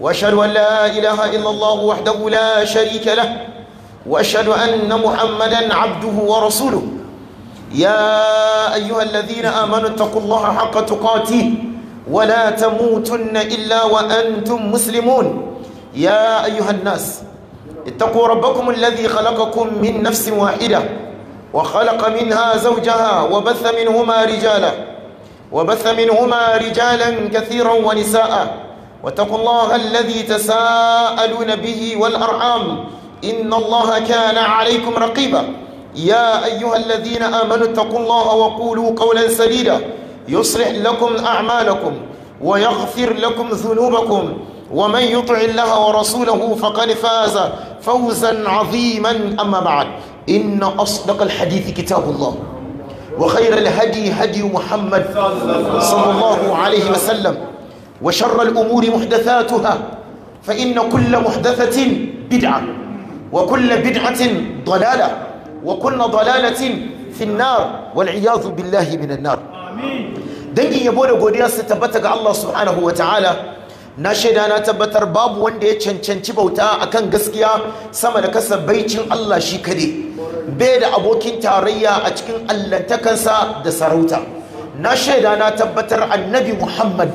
واشهد ان لا اله الا الله وحده لا شريك له واشهد ان محمدا عبده ورسوله يا ايها الذين امنوا اتقوا الله حق تقاته ولا تموتن الا وانتم مسلمون يا ايها الناس اتقوا ربكم الذي خلقكم من نفس واحده وخلق منها زوجها وبث منهما رجالا وبث منهما رجالا كثيرا ونساء واتقوا الله الذي تساءلون به والأرحام إن الله كان عليكم رقيبا يا أيها الذين آمنوا اتقوا الله وقولوا قولا سديدا يصلح لكم أعمالكم ويغفر لكم ذنوبكم ومن يطع الله ورسوله فقد فاز فوزا عظيما أما بعد إن أصدق الحديث كتاب الله وخير الهدي هدي محمد صلى الله عليه وسلم wa وشر الأمور محدثاتها فإن كل محدثة بدعة bid'a بدعة ضلالة وكل ضلالة في النار والعياذ بالله من النار dangin yabo da godiyar su tabbata ga Allah subhanahu wataala na shaida na tabbatar babu wanda ya cancanci bauta akan gaskiya sama da baicin Allah shi kade bai da abokin tarayya a cikin allantakansa da sarauta na shaida na tabbatar annabi muhammad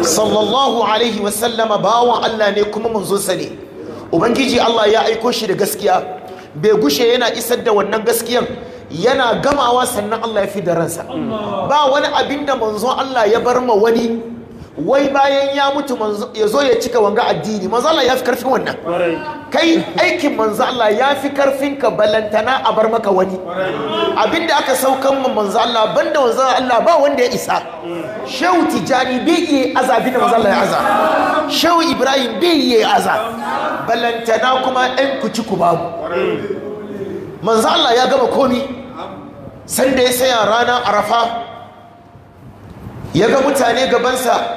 sallallahu alaihi wasallama bawan allah ne kuma manzonsa sa ne ubangiji allah ya aiko shi da gaskiya bai gushe yana isar da wannan gaskiyan yana gamawa sannan allah ya fi da ransa ba wani abin da manzon allah ya bar ma wani wai bayan ya mutu ya zo ya cika wanga addini manzo ya fi karfin wannan kai aikin manzo Allah ya fi karfin ka balantana a bar maka wani abinda aka saukan mu manzo Allah banda manzo Allah ba wanda ya isa shehu tijani bai yi azabi da manzo ya aza shehu ibrahim bai yi aza balantana kuma ɗan kuci ku babu manzo Allah ya gama komi sanda ya saya rana arafa ya ga mutane gabansa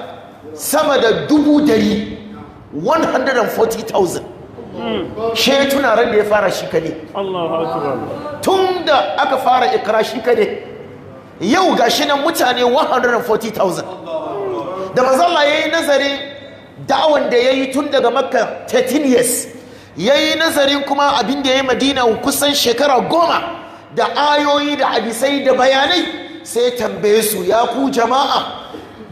sama da dubu dari 140,000 shi ya tuna ya fara shi kade tun da aka fara ikira shi kade yau ga shi nan mutane 140,000 da mazalla ya yi nazari da'awan da ya yi tun daga makka 13 years ya yi nazarin kuma abin da ya yi madina kusan shekara goma da ayoyi da abisai da bayanai sai tambaye su ya ku jama'a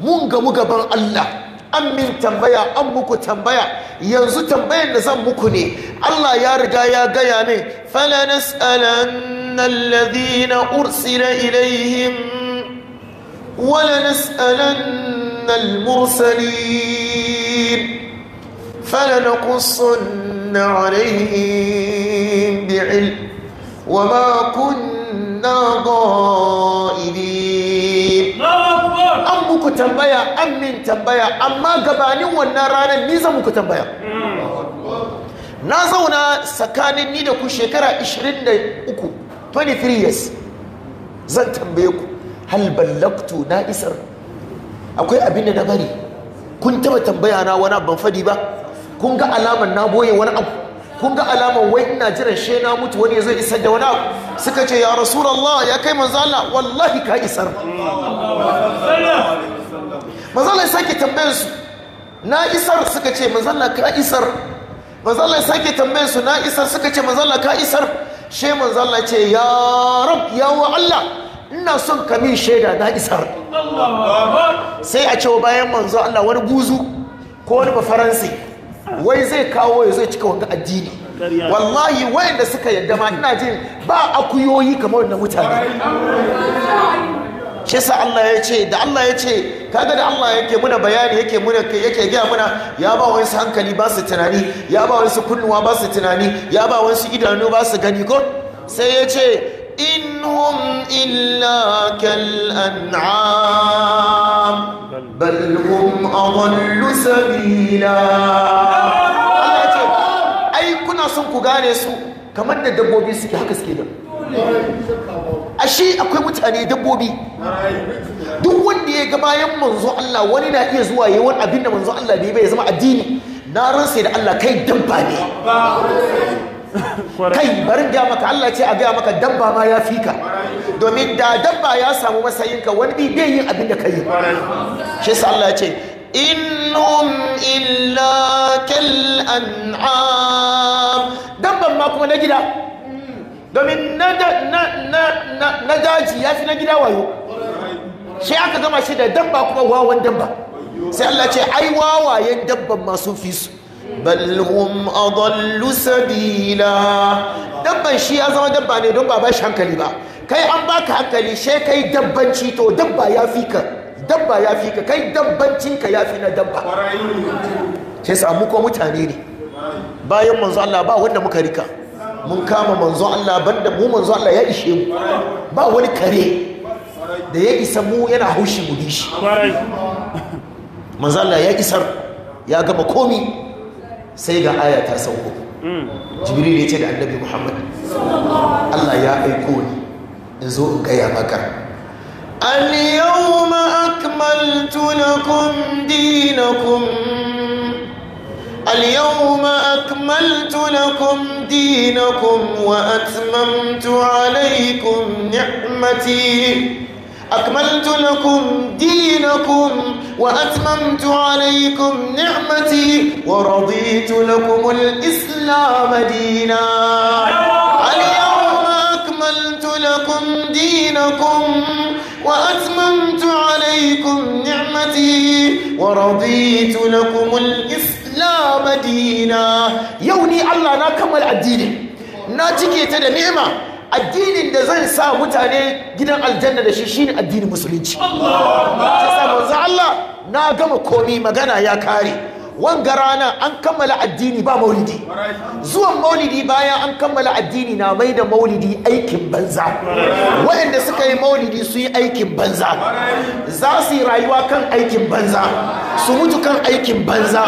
mun gamu gaban Allah an min tambaya an muku tambaya yanzu tambayan da zan muku ne Allah ya riga ya gaya min fala nas'alanna alladhina ursila ilaihim wala nas'alanna almursalin فلنقصن عليهم بعلم وما كنا غائبين an muku tambaya an min tambaya amma gabanin wannan ranar ni zan muku tambaya na zauna tsakanin ni da ku shekara 23 23 years zan tambaye ku hal na isar akwai abin da na bari kun taba tambaya na wani ban fadi ba kun ga alamar na boye wani abu kun ga alama wai ina jiran she na mutu wani ya isa isar da wani abu suka ce ya Allah ya kai manzala wallahi ka isar manzala ya sake tambayar su na isar suka ce manzala ka isar manzala ya sake tambayar su na isar suka ce manzala ka isar she manzala ce ya rab ya wa Allah ina son ka min shaida na isar sai a ce bayan manzo Allah wani guzu ko wani bafaransi wai zai kawo ya zai cika wanga addini wallahi wayanda suka yadda ma ina jin ba akuyoyi kamar wannan mutane shi sa Allah ya ce da Allah ya ce kaga da Allah yake muna bayani yake muna kai yake gaya muna ya ba wani hankali ba su tunani ya ba wani kunnuwa ba su tunani ya ba wani idanu ba su gani ko sai ya ce إن هم إلا كالأنعام بل هم أضل سبيلا أي كنا سنكو غارسو كمان ندبو بيسكي هكا سكيدا ashe akwai mutane dabbobi duk wanda ya ga bayan manzo Allah wani na iya zuwa yawan wani abin da manzo Allah bai zama addini na ransa da Allah kai dabba ne kai barin gaya maka Allah ce a gaya maka dabba ma ya fi ka domin da dabba ya samu matsayinka wani bi bai yin abin da ka yi shi sa Allah ce innum illa kal'an'am an'am dabban ma kuma na gida domin na daji ya fi na gida wayo shi aka gama shi da dabba kuma wawan dabba sai Allah ce ai wawayen dabban ma sun fi su bal hum adallu sabila dabban shi ya zama dabba ne don ba ba shi hankali ba kai an baka hankali she kai dabbanci to dabba ya fi ka dabba ya fi ka kai dabbancin ka ya fi na dabba sai samu ko mutane ne bayan manzo Allah ba wanda muka rika mun kama manzo Allah banda mu manzo Allah ya ishe mu ba wani kare da ya isa mu yana haushi mu shi manzo Allah ya isar ya gama komi sai ga aya ta sauko hmm. jibril ya ce da annabi muhammad allah ya aiko ni in zo in gaya maka اليوم أكملت لكم دينكم اليوم أكملت لكم دينكم وأتممت عليكم نعمتي أكملت لكم دينكم وأتممت عليكم نعمتي ورضيت لكم الإسلام دينا اليوم أكملت لكم دينكم وأتممت عليكم نعمتي ورضيت لكم الإسلام دينا يوني الله نكمل الدين ناتكي تدى نعمة addinin da zai sa mutane gidan aljanna da shi shine addinin musulunci Allah na gama komi magana ya kare wanga rana an kammala addini ba maulidi zuwan maulidi bayan an kammala addini na mai da maulidi aikin banza waɗanda suka yi maulidi su yi aikin banza za su yi rayuwa kan aikin banza su mutu kan aikin banza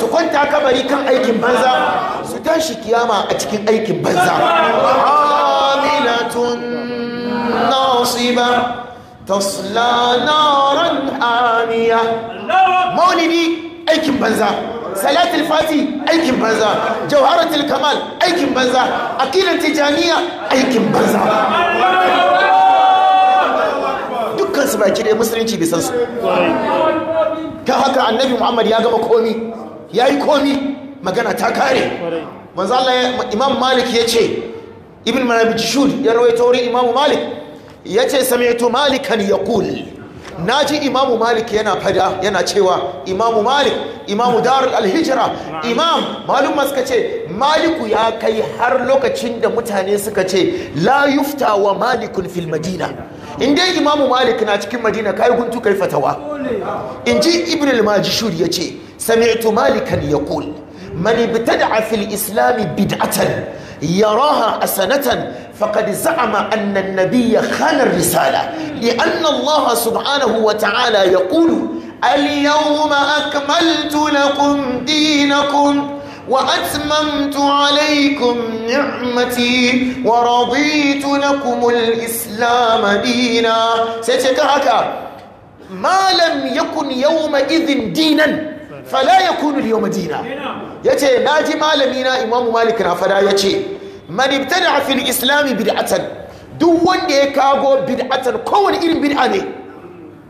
su kwanta kabari kan aikin banza su tashi kiyama a cikin aikin banza ah! امرأة ناصبة تصلى نارا حامية مولدي aikin banza salatul fati aikin banza jawharatul kamal aikin banza aqidat tijaniya aikin banza dukkan su baki dai musulunci bai san su ta haka annabi muhammad ya gama komi yayi komi magana ta kare manzo Allah imam malik ce. ibn manabijishud ya rawaito wurin imamu malik ya ce sami'tu malikan ya kul na ji imamu malik yana fada yana cewa imamu malik imamu darul alhijira imam malum masu ce maliku ya kai har lokacin da mutane suka ce la yufta wa malikun fil madina in dai imamu malik na cikin madina kayi guntu kai fatawa in ji ibn al-majishur ya ce sami'tu malikan ya kul bita da fil islami bid'atan يراها حسنة فقد زعم أن النبي خان الرسالة لأن الله سبحانه وتعالى يقول اليوم أكملت لكم دينكم وأتممت عليكم نعمتي ورضيت لكم الإسلام دينا سيتكهك ما لم يكن يومئذ دينا فلا يكون اليوم دينا يتي ناجي مالمينا إمام مالك رافدا يتي man ibtada fil islam bid'atan duk wanda ya kago bid'atan kowane irin bid'a ne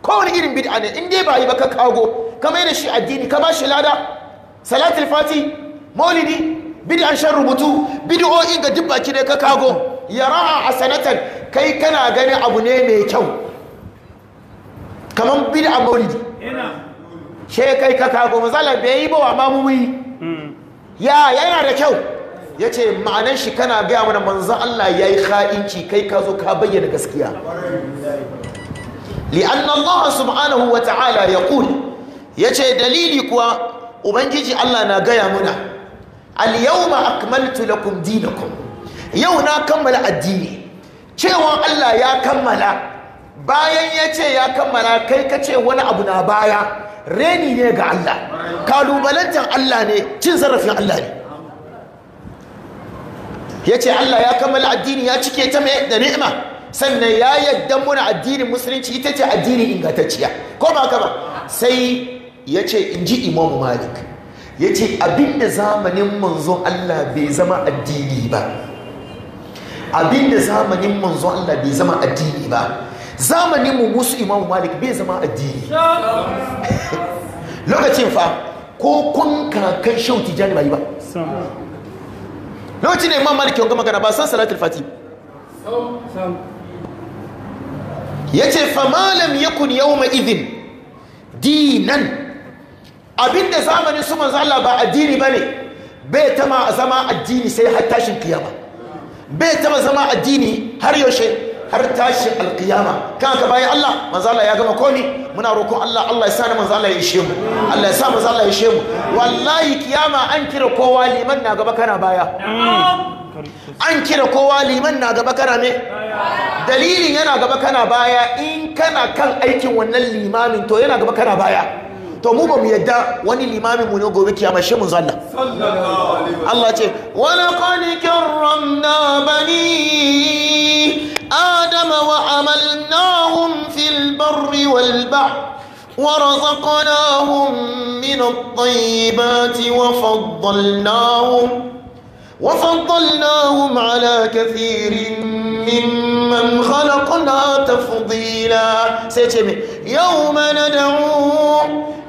kowane irin bid'a ne in dai ba yi ba ka kago ka mai da shi addini ka ba shi lada salatul fati maulidi bid'an shan rubutu bid'o'i ga duk baki ne ka kago a hasanatan kai kana gani abu ne mai kyau kamar bid'a maulidi she kai ka kago mazalar bai yi ba wa mamumi hmm. ya yana da kyau ya ce ma'anar shi kana gaya mana manzan Allah ya yi ha'inci kai ka zo ka bayyana gaskiya li'anna Allah subhanahu wa ta'ala ya kuli ya ce dalili kuwa ubangiji Allah na gaya mana al-yawma akmaltu lakum dinakum yau na kammala addini cewa Allah ya kammala bayan ya ce ya kammala kai ka ce wani abu na baya reni ne ga Allah kalubalantar Allah ne cin zarafin Allah ne ya ce Allah ya kammala addini ya cike ta mai da ni'ima sannan ya yadda muna addinin musulunci ita ce addini ingantacciya ko ba ka ba sai ya ce in ji imamu malik ya ce abinda zamanin manzo Allah bai zama addini ba abinda zamanin manzo Allah bai zama addini ba zamanin mu musu imamu malik bai zama addini lokacin fa ko kun kakan shauti jani yi ba lokacin da imam malik yau magana ba san salatul fati ya ce famalam yakun yau mai izin dinan abinda zamanin su manzo Allah ba addini ba ne bai tama zama addini sai har tashin kiyama bai tama zama addini har yaushe har tashi alkiyama kan haka bayan Allah manzala ya gama komi muna roƙon Allah Allah ya sa manzala ya ishe mu Allah ya sa manzala ya ishe mu wallahi kiyama an kira kowa liman na gaba kana baya an kira kowa liman na gaba kana me dalilin yana gaba kana baya in kana kan aikin wannan limamin to yana gaba kana baya to mu ba mu yadda wani limami mu ne gobe kiyama shi mun zalla Allah ce wa laqad karramna bani adam wa amalnahum fil barri wal bahr ورزقناهم من الطيبات وفضلناهم وفضلناهم على كثير ممن خلقنا تفضيلا سيتم يوم ندعو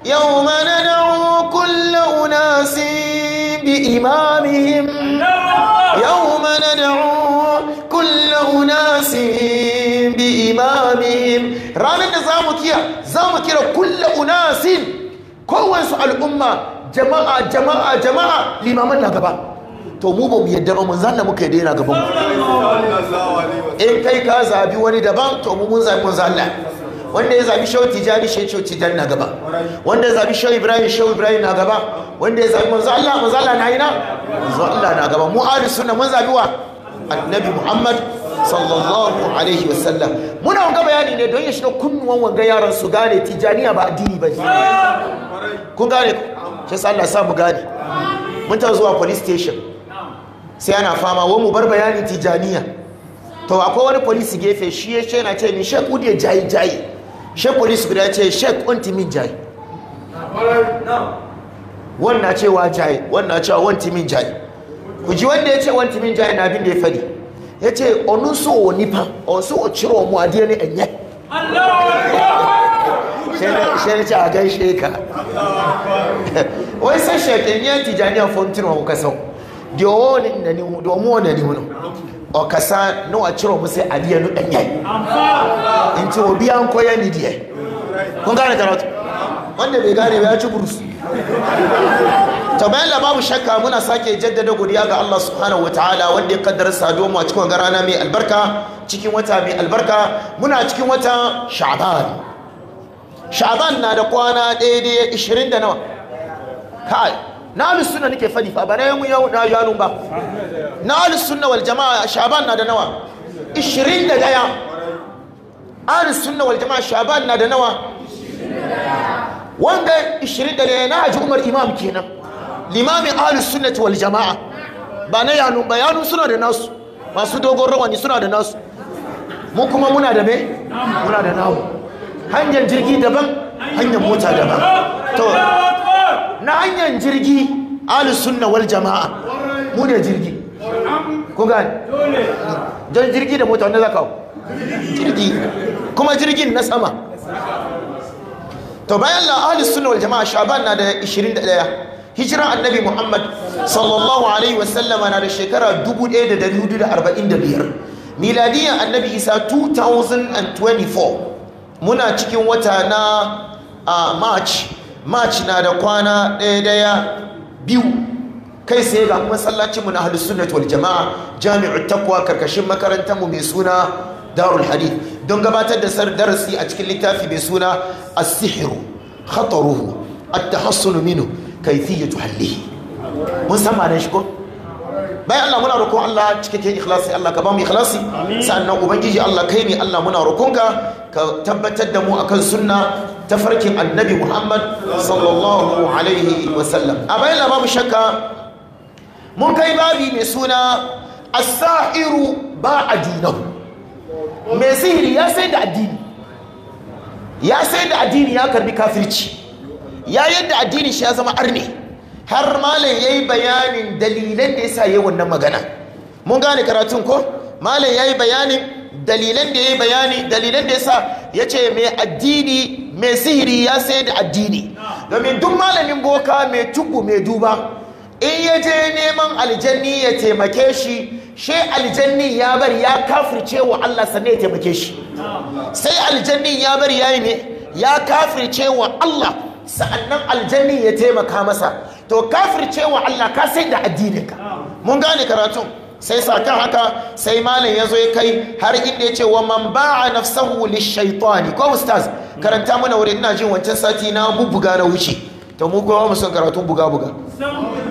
يوم ندعو كل أناس بإمامهم يوم ندعو كل أناس بإمامهم ranar da za mu kiya za mu kira kulle unasin kowansu al'umma jama'a jama'a jama'a limaman na gaba to mu ba mu yadda ba manzan zanna muka yadda daina gaban mu in kai ka zabi wani daban to mu mun zabi mun Allah wanda ya zabi shau tijani shi shau tijani na gaba wanda ya zabi shau ibrahim shau ibrahim na gaba wanda ya zabi manzan Allah manzan Allah na yi na manzan Allah na gaba mu ahli sunna mun zabi wa annabi muhammad sallallahu alaihi wasallam muna wanga bayani ne don ya shiga kunnuwan wanga yaran su gane tijaniya ba addini ba kun gane ku shi Allah sa mu gane mun ta zuwa police station sai ana fama wa mu bar bayanin tijaniya to akwai wani polisi gefe shi ya ce na ce ni shek ya jayi jayi shek polisi guda ce shek unti min jayi wannan wa jayi wannan wa wanti min jayi ku ji wanda ya ce wanti min jayi na abin da ya fadi ya ce onun so wa nipa on so wa ciro mu adiye ne enye shi ne ce a gaishe ka wai sai shek enye tijaniya fontina wa kuka sau deɛ ɔwɔ ni nani mu deɛ ɔmo wɔ nani mu no ɔkasa na wakyerɛ ɔmo sɛ adeɛ no ɛnyɛ nti obi ankɔ yɛ ne deɛ kɔnkara tarɔt wanda bai gane ya ci burus ta bayan labarin shakka muna sake jaddada godiya ga Allah subhanahu wataala wanda ya kaddara saduwa mu a cikin rana mai albarka cikin wata mai albarka muna cikin wata sha'ban sha'ban na da kwana daidai 20 da nawa kai na ahlus sunna nake fadi fa bana na yamu yau na yanu ba na ahlus sunna wal jamaa shaban na da nawa 21 ahlus sunna wal jamaa shaban na da nawa wanda 21 na haji umar imam kenan limamin ahlus sunnati wal jamaa ba na yanu ba yanu suna da nasu masu dogon rawani suna da nasu mu kuma muna da me muna da nawo hanyar jirgi daban hanyar mota daban to na hanyar jirgi alisunna wal jama'a mu ne jirgi ku gani don jirgi da mota wanda za ka jirgi kuma jirgin na sama to bayan la alisunna wal jama'a shaban na da 21 hijira annabi muhammad sallallahu alaihi wasallama na da shekara 1445 miladiyan annabi isa 2024 muna cikin wata na ah, march march na da kwana ɗaya ɗaya biyu kai sai ga masallacin mu na ahlus sunnah wal jamaa jami'ar takwa karkashin makarantar mu mai suna darul hadith don gabatar da sar darasi a cikin littafi mai suna sihiru sihr khataruhu at-tahassun minhu kayfiyatu tuhalli. mun san ma'anar shi ko bayan Allah muna roƙon Allah cikakken ikhlasi Allah ka ba mu ikhlasi sannan ubangiji Allah kai ne Allah muna roƙonka ka tabbatar da mu akan sunna tafarkin annabi muhammad sallallahu alaihi wasallam a bayan babu shakka mun kai babi mai suna sa'iru ba a dinahu mai sihiri ya sai da addini ya sai da addini ya karbi kafirci ya yadda addini shi ya zama arne har malam ya yi bayanin dalilan da ya sa yi wannan magana mun gane karatun ko malam ya yi bayanin dalilan da ya yi bayani dalilan da ya sa ya ce mai addini mai sihiri ya sayar da addini domin duk malamin boka mai tubu mai duba in ya je neman aljanni ya taimake shi she aljanni ya bari ya kafirce wa Allah sannan ya taimake shi sai aljanni ya bari ya yi ne ya kafirce wa Allah sa'annan aljanni ya taimaka masa to kafirce wa Allah ka sai da addininka mun gane karatun sai sakan haka sai malin ya zo ya kai har inda ya ce wa man ba'a nafsahu shaitani ko ustaz karanta mana wurin ina jin wancan sati na bubbuga na wuce to mu kuma mu son karatu buga buga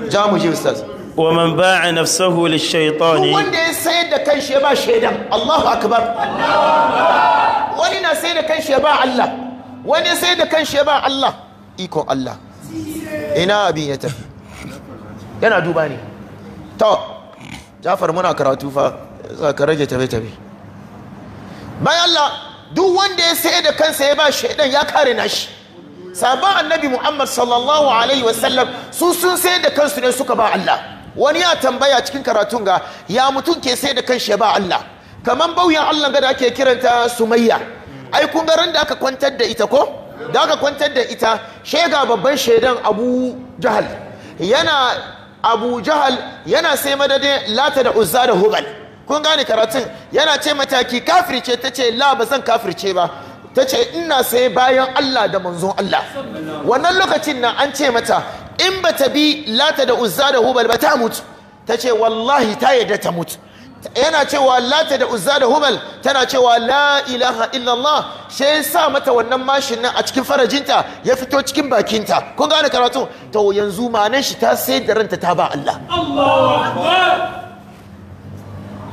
ja mu je ustaz wa man ba'a nafsahu shaitani wanda ya sayar da kanshi ya ba shaidan Allahu akbar wani na sayar da kanshi ya ba Allah wani sayar da kanshi ya ba Allah iko Allah ina abin ya tafi yana duba ne to jafar muna karatu fa za ka rage tafe-tafe bayan Allah duk wanda ya sai da kansa ya ba shaidan ya kare nashi sabon annabi muhammad sallallahu alaihi wasallam su sun sai da kansu ne suka ba Allah wani ya tambaya cikin karatun ga ya mutum ke sai da kanshi ya ba Allah kaman bauyan Allah ga da ake kiranta sumayya ai kun ga ran da aka kwantar da ita ko da aka kwantar da ita shega babban shaidan abu jahal yana abu jahal yana sai madadin lata da uzza da hubal kun gane karatun yana ce mataki kafirce ta ce la ba zan kafirce ba ta ce ina sai bayan allah da manzon allah wannan lokacin nan an ce mata in ba ta bi lata da uzza da hubal ba ta mutu ta ce wallahi ta yarda ta mutu yana cewa lati da uzza da humal tana cewa la ilaha illallah she sa mata wannan mashin nan a cikin farajinta ya fito cikin bakinta kun gane karatu to yanzu manan shi ta sai da ranta ta ba Allah Allahu akbar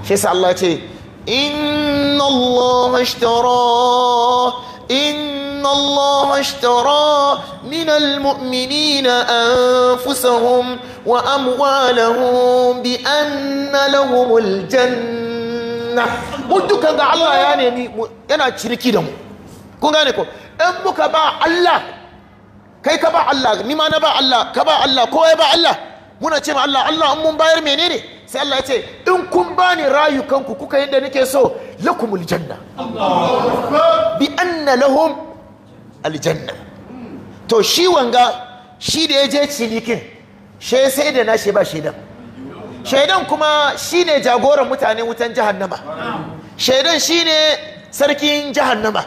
she sa Allah ce inna Allah ashtara إن الله اشترى من المؤمنين أنفسهم وأموالهم بأن لهم الجنة مدك الله يعني أنا تشركي دم كون غاني كون أمك با الله kai ka ba Allah ni ma na ba Allah ka ba Allah kowa ya ba Allah muna ce Allah Allah in mun bayar menene sai Allah ya ce in kun bani rayukanku kuka yadda nake so lakumul janna bi anna lahum aljanna to shi wanga shi da ya je cinikin she sai da nashi ba shaidan shaidan kuma shine jagoran mutane wutan jahannama shaidan shine sarkin jahannama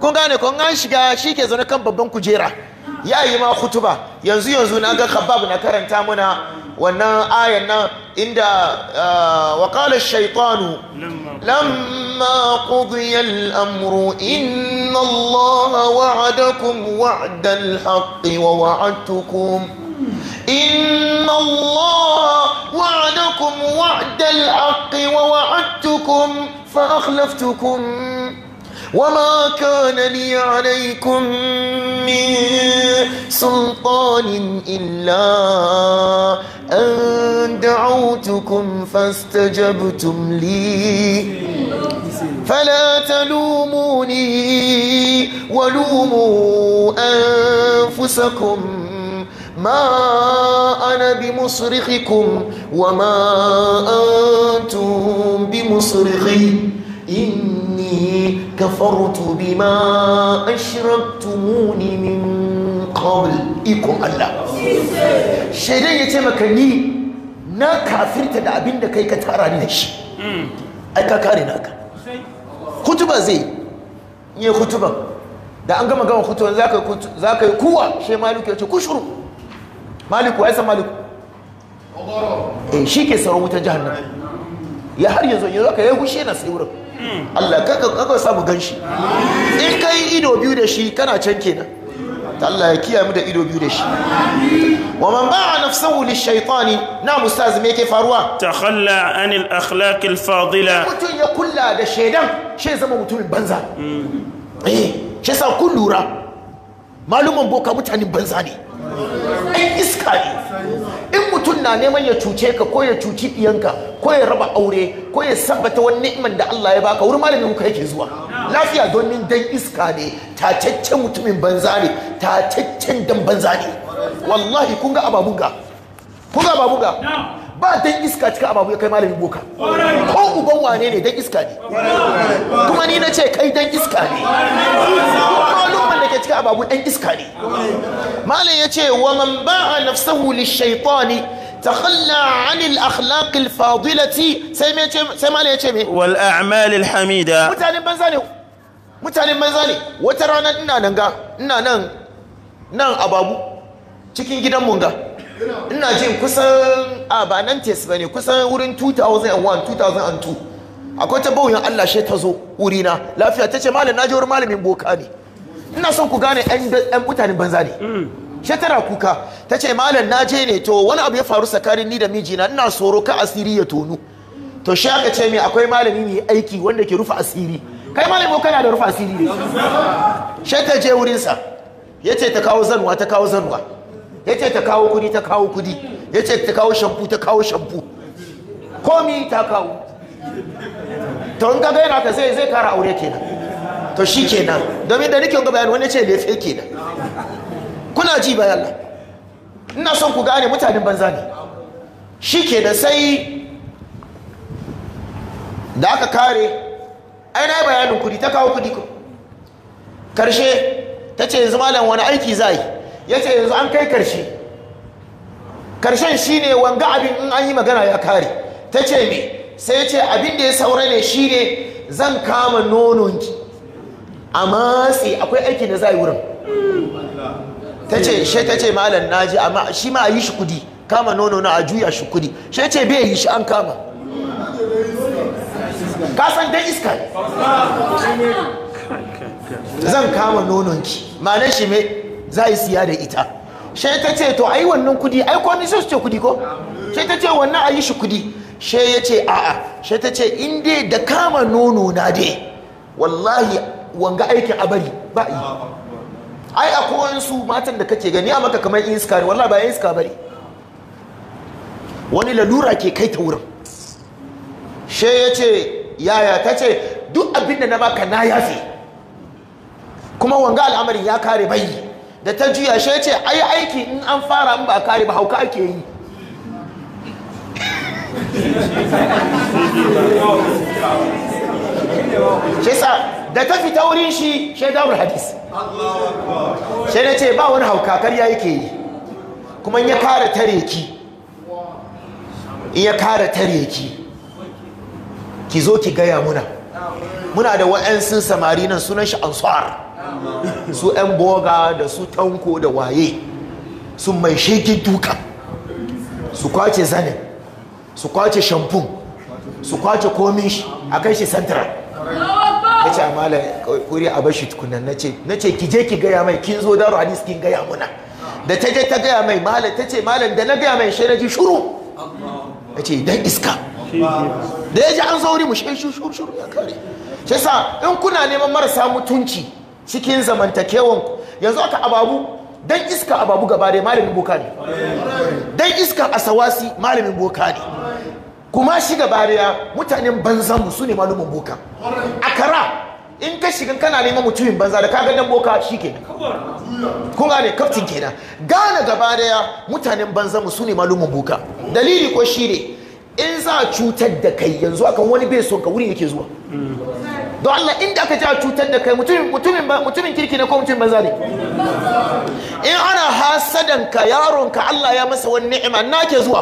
kun gane kun an shiga shi ke zaune kan babban kujera ya yi ma hutuba yanzu yanzu na ga khabbab na karanta muna wannan ayan nan inda uh, wa qala shaytanu lamma qudiya al-amru inna allaha wa'adakum wa'da al-haqqi wa wa'adtukum إن الله وعدكم وعد الحق ووعدتكم فأخلفتكم وما كان لي عليكم من سلطان إلا أن دعوتكم فاستجبتم لي فلا تلوموني ولوموا أنفسكم ما أنا بمصرخكم وما أنتم بمصرخي إني kafarutu bima ashraktumuni min qabl ikum Allah shaydan yace maka ni na kafirta da abin da kai ka tara ni shi ai ka kare naka kutuba zai ne kutuban da an gama gama kutuban za ka yi kuwa shi maliku yace kushuru maliku ai san maliku eh shike wutan jahannam ya har yanzu yanzu ka yi gushe na sai wurin Allah kaka samu gan shi in ka yi ido biyu da shi kana can kenan Allah ya kiyaye mu da ido biyu da shi wa man ba'a nafsahu lishaitani na mustaz me yake faruwa takhalla anil akhlaq al fadila Mutum ya kulla da shedan she zama mutumin banza mm. eh she sa kun lura malumin boka mutanen banza ne ai iska ne mutum na neman ya cuce ka ko ya cuci ɗiyanka ko ya raba aure ko ya sabbata wani ni'imar da Allah ya baka wurin malamin ka yake zuwa lafiya domin dan iska ne tacaccen mutumin banza ne tacaccen dan banza ne wallahi kun ga ababuga kun ga ababuga ba dan iska cika ababu ya kai malami boka ko uban wane ne dan iska ne kuma ni na ce kai dan iska ne malumman da ke cika ababu dan iska ne malam ya ce wa man ba'a nafsahu lishaitani تخلى عن الاخلاق الفاضله sai me ce sai mala yace me wal a'mal al hamida mutanen banza ne mutanen banza ne wata rana ina nan ga ina nan nan ababu cikin gidan mun ga ina jin kusan a ba nan tes ba ne kusan wurin 2001 2002 akwai ta bauyin Allah shi ta zo wurina lafiya ta ce malam naji wurin malamin boka ne ina son ku gane yan mutanen banza ne mm. shi tana kuka ta ce malam naje ne to wani abu ya faru tsakanin ni da mijina ina tsoro ka asiri ya tonu to shi aka ce mai akwai malami mai aiki wanda ke rufe asiri kai malami boka na da rufe asiri ne shi ta je wurinsa ya ce ta kawo zanwa ta kawo zanwa yace ta kawo kudi ta kawo kudi yace ta kawo shampu ta kawo shampu komi ta kawo to in ka ga ka zai zai kara aure kenan to shi kenan domin da nike ga bayani wani ce lefe kenan kuna ji bayan Allah ina son ku gane mutanen banza ne shi kenan sai da aka kare aina bayanin kudi ta kawo kudi ko karshe ta ce yanzu malam wani aiki za yi ya ce yanzu an kai karshe karshen shi ne wanga abin in an yi magana ya kare ta ce me sai ce abin da ya saura ne shi ne zan kama nononki a matsi akwai aiki da za yi wurin ta ce shi ta ce malam naji amma shi ma a yi shi kudi kama nono na a juya shi kudi shi ce bai yi shi an kama kasan dan iska zan kama nononki ma shi mai za a yi siya da ita shai ta ce to ai wannan kudi ai ko sai ce kudi ko shai ta ce wannan a yi shi kudi shai ya ce a'a shai ta ce in dai da kama nono na dai wallahi wanga aikin abari ba yi ai a kowansu matan da kake gani a maka kamar iska ne wallahi ba iska bari wani lalura ke kai ta wurin shai ya ce yaya ta ce duk abin da na baka na yafe kuma wanga al'amarin ya kare bai da ta juya shi ce ai aiki in an fara in ba a kare ba hauka ake yi shi sa da ta fita wurin shi shaidawar hadis shi na ce ba wani hauka karya yake yi kuma ya kara tare ki in ya kara tare ki ki zo ki gaya muna muna da wa'ansu samari nan sunan shi ansuwar su 'yan boga da su tanko da waye su mai shege duka su kwace zanin su kwace shamfun su kwace komin a kai shi central ya ce amala kuri a bashi tukunan na ce ki je ki gaya mai kin zo daro hadis kin gaya muna da ta je ta gaya mai malam ta ce malam da na gaya mai shi na ji shuru ya ce dan iska da ya ji an zauri mu shi shuru shuru ya kare shi sa in kuna neman marasa mutunci cikin zamantakewan yanzu aka ababu dan iska ababu gaba dai malamin boka ne dan iska asawasi malamin boka ne kuma shi gaba daya mutanen banzan mu sune malamin boka kara in ka shiga kana neman mutumin banza da kagan dan boka ke kuma ne kaftin kenan gane gaba daya mutanen banza mu sune malamin boka dalili ko shi ne in za a cutar da kai yanzu akan wani bai son ka wurin yake zuwa don Allah inda aka ji a cutar da kai mutumin kirki ne ko mutumin banza ne in ana hasadan ka yaron ka Allah ya masa wani ni'ima na ke zuwa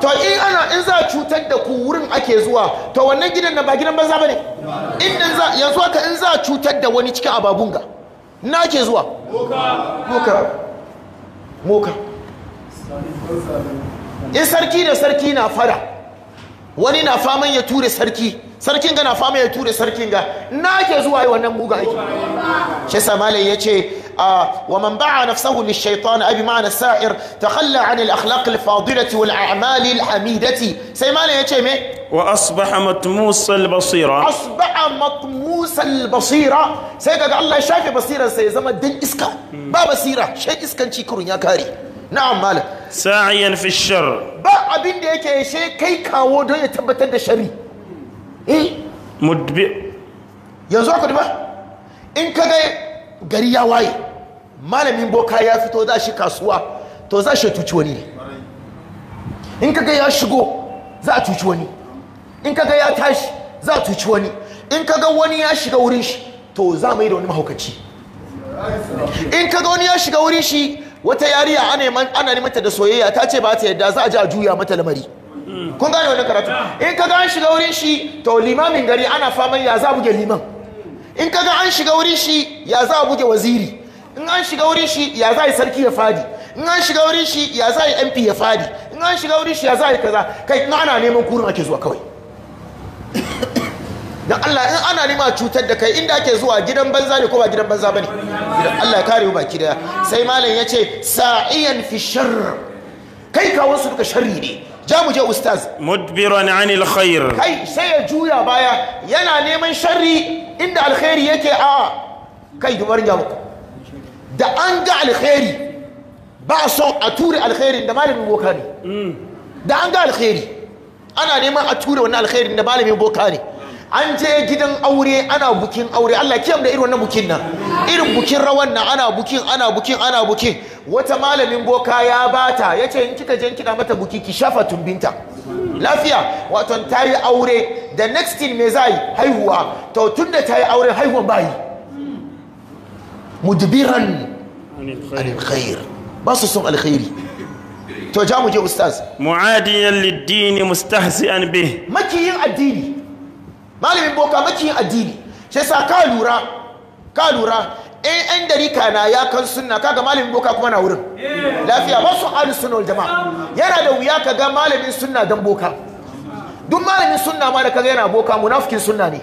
to in ana in za cutar da ku wurin ake zuwa to wannan gidan na ba gidan banza bane in nan za yanzu haka in za cutar da wani cikin ababunga na ke zuwa moka moka in sarki da sarki na fara wani na faman ya ture sarki sarkin ga na fama ya ture sarkin ga na ke zuwa yi wannan muga aiki shi samalai ya ce ومن باع نفسه للشيطان أي بمعنى السائر تخلى عن الأخلاق الفاضلة والأعمال الحميدة سيمان يتيمي وأصبح مطموس البصيرة أصبح مطموس البصيرة سيكا الله شافي بصيرة سيزم دين إسكا با بصيرة شيء إسكا تشيكرون يا كاري نعم مالا ساعيا في الشر با أبين ديكي شيء كي كاودو يتبتد شري Eh? mudbi yanzu aka duba in ka ga gari ya waye malamin boka ya fito za shi kasuwa to za shi tuci wani ne in ka ga ya shigo za a tuci wani in ka ga ya tashi za a tuci wani in ka ga wani ya shiga wurin shi to za mu yi da wani mahaukaci in ka ga wani ya shiga wurin shi wata yariya ana neman ta da soyayya ta ce ba ta yadda za a ji a juya mata lamari kun gane wani karatu in kaga an shiga wurin shi to limamin gari ana faman ya za buge liman in kaga an shiga wurin shi ya za buge waziri in an shiga wurin shi ya za yi sarki ya fadi in an shiga wurin shi ya za yi MP ya fadi in an shiga wurin shi ya za yi kaza kai in ana neman kurin ake zuwa kawai dan Allah in ana nema cutar da kai inda ake zuwa gidan banza ne ko ba gidan banza bane gidan Allah ya kare mu baki daya sai malam yace sa'iyan fi sharr kai kawo su duka sharri ne ja mu je ustaz mudbiran anil khair kai sai ya juya baya yana neman sharri inda alkhairi yake a kai dubar ga muku da an ga alkhairi ba son a ture alkhairin da malamin boka ne da an ga alkhairi ana neman a ture wannan alkhairin da malamin boka ne an je gidan aure ana bukin aure Allah kiyam da irin wannan bukin nan irin bukin rawan nan ana bukin ana bukin ana bukin wata malamin boka ya bata ya ce in kika je kina mata buki ki shafa tumbinta lafiya wato ta yi aure da next thing me za yi haihuwa to tun da ta yi auren haihuwan bayi mudbiran alkhair ba su son alkhairi to ja mu je ustaz mu'adiyan lid-din mustahzi'an bih makiyin addini malamin boka makiyin addini sai sa ka lura ka lura in eh, 'yan dalika na ya kan sunna kaga malamin boka kuma na wurin lafiya ba su ahli sunna jama'a yana da wuya kaga malamin sunna dan boka duk malamin sunna ma da kaga yana boka munafikin sunna ne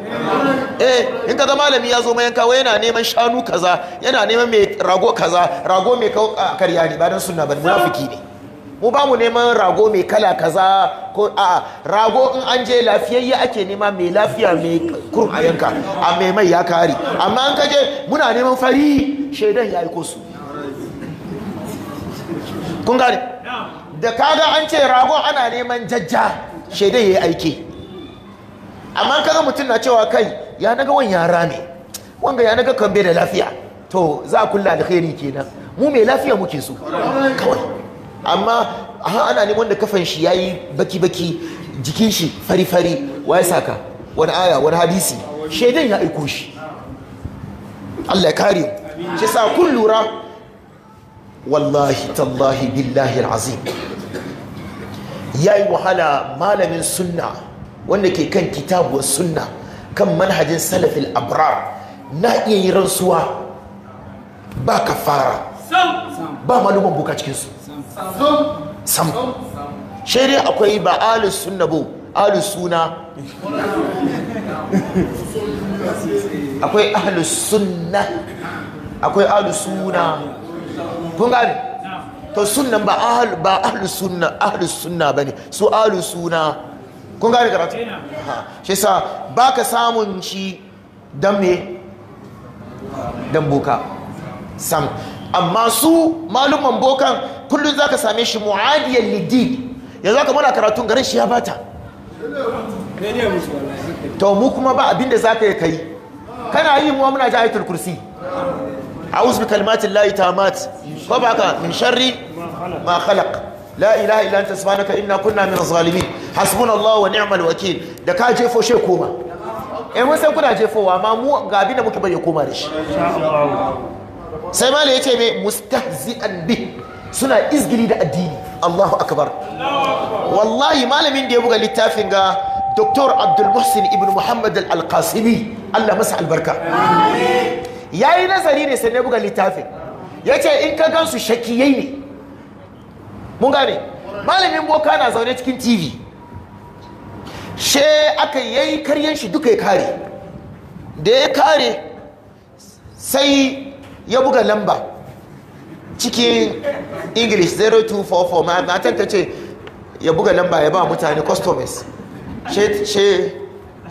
eh in ka kaga malamin ya zo mai yanka yana neman shanu kaza yana neman mai rago kaza rago mai karya ne ba dan sunna ba munafiki ne mu ba mu neman rago mai kala kaza ko a'a rago in an je lafiyayye ake nema mai lafiya mai kurun a yanka a mai mai ya kare amma an kaje muna neman fari shaidan ya yi su kun gane da kaga an ce rago ana neman jajja shaidan ya yi aiki amma kaga mutum na cewa kai ya naga wani yara ne wanga ya naga kan bai da lafiya to za a kulla alkhairi kenan mu mai lafiya muke so kawai amma ana neman wanda kafan shi yayi baki baki jikin shi fari fari waye saka wani aya wani hadisi shaidan ya aiko shi Allah ya kare shi sa kun lura wallahi tallahi billahi alazim yayi wahala malamin sunna wanda ke kan kitabuwar sunna kan manhajin salafil abrar na iya yi rantsuwa ba kafara ba maluman buka cikinsu sam shi dai akwai ba alus sunna bo alus suna akwai alus sunna akwai alis suna kun gani to sunnan ba ahl ba alis sunna ahlus sunna bane su alis suna kun gane karatu shi sa ba ka samun shi don me don boka sam amma su malumman bokan kullum za ka same shi mu'adiyar lidid yanzu aka muna karatun garin shi ya bata to mu kuma ba abin da za ka yi kai kana yi muwa muna ji aitul kursi wasu kalmatin layi ta mat ko ba ka min sharri ma khalaq la ilaha illa anta subhanaka inna kunna min zalimin allah wa ni'mal wakil da ka jefo shi koma eh mun san kuna jefowa amma mu ga abin da muke bari koma da shi sai mala ce me mustahzi'an bi suna izgili da addini Allahu akbar wallahi malamin da ya buga littafin ga Dr. Abdul Muhsin ibn Muhammad al-Qasimi Allah masa albarka yayi nazari ne sai ya buga littafin yace in ka gansu shakiyai ne mun gane malamin boka na zaune cikin TV she aka yayi karyan shi duka ya kare da ya kare sai ya buga lamba cikin english 0244 matan ta ce ya buga lamba ya ba mutane customers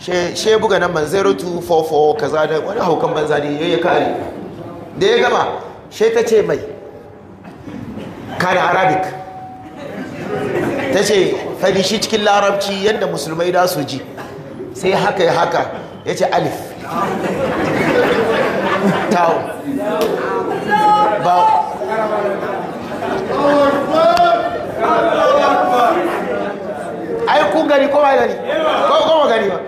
she ya buga lamban 0244 kaza da wani haukan banza ne ya yi kare da ya gama she ta ce mai kare arabic ta ce fadi shi cikin larabci yadda musulmai da su ji sai haka ya haka ya ce alif tau ba Ayi kun gani ko gani ko gani ba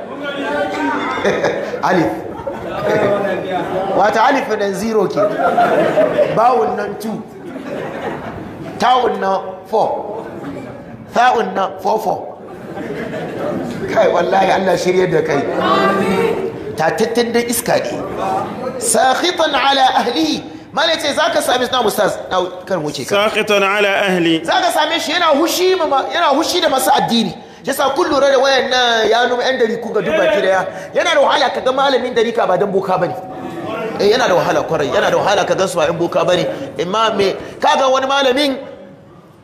alif wata alif nan zero ke bawun nan 2 tawun nan 4 tha'un nan 4 kai wallahi Allah shirya da kai Ta da iska ne sakhitan ala ahlihi mala yace zaka same shi na ustaz na kar wuce ka saqitan ala ahli zaka same shi yana hushi yana hushi da masu addini sa kun lura da wayan nan ya nuna yan dari ga duba ki da yana da wahala kaga malamin dari ka ba dan boka bane eh yana da wahala kwarai yana da wahala kaga su ba yan boka bane imma me kaga wani malamin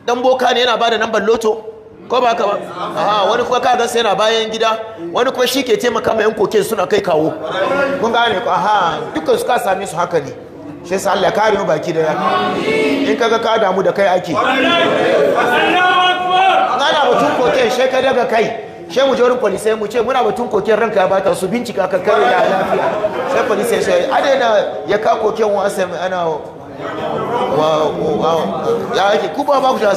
dan boka ne yana ba da namban loto ko ba ka ba aha wani kuma ka sai yana bayan gida wani kuma shi ke taimaka ma yan koke suna kai kawo kun gane ko aha dukkan su ka same su haka ne shi sa Allah kare mu baki da ya in kaga ka damu da kai ake ana batun koke shi ka daga kai shi mu jorin police mu ce muna batun koken ranka ya bata su bincika ka kare da lafiya sai polisai shi adena ya ka koken mu asem ana wa ya ake ku ba ku da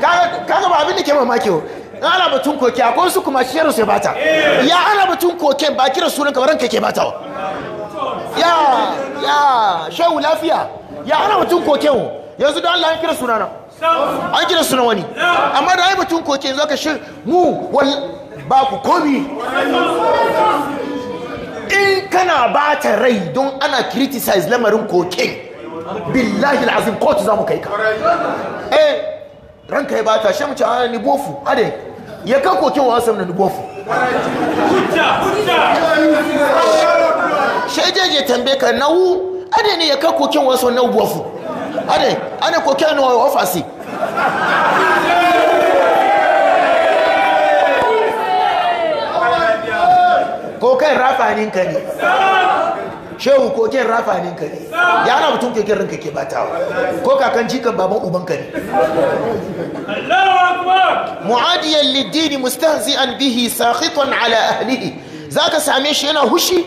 ka ka ba abin da ke mamaki ana batun koke akwai su kuma shi yaro sai bata eh. ya ana batun koke ba kira sunan kamar ranka ke bata ya ya shehu lafiya ya ana batun koke mu yanzu da Allah an kira sunana an kira sunan wani amma da ai batun koke yanzu aka shi mu wal ba ku komi in kana bata rai don ana criticize lamarin koke billahi alazim kotu zamu kai ka eh ranka ya bata shi mace a ah, ni bofu ade ya kan koke wa asam na ni bofu shi je je tambe ka nawu ade ne ya kan koke wa asam na bofu ade koke kokin wa ofasi ko kai rafa ninka ne shehu koken rafanin ka ne ya na mutum ke keken ranka ke batawa ko kakan jikan baban uban ka ne mu'adiyan liddini mustahzi'an bihi sakhitan ala ahlihi zaka same shi yana hushi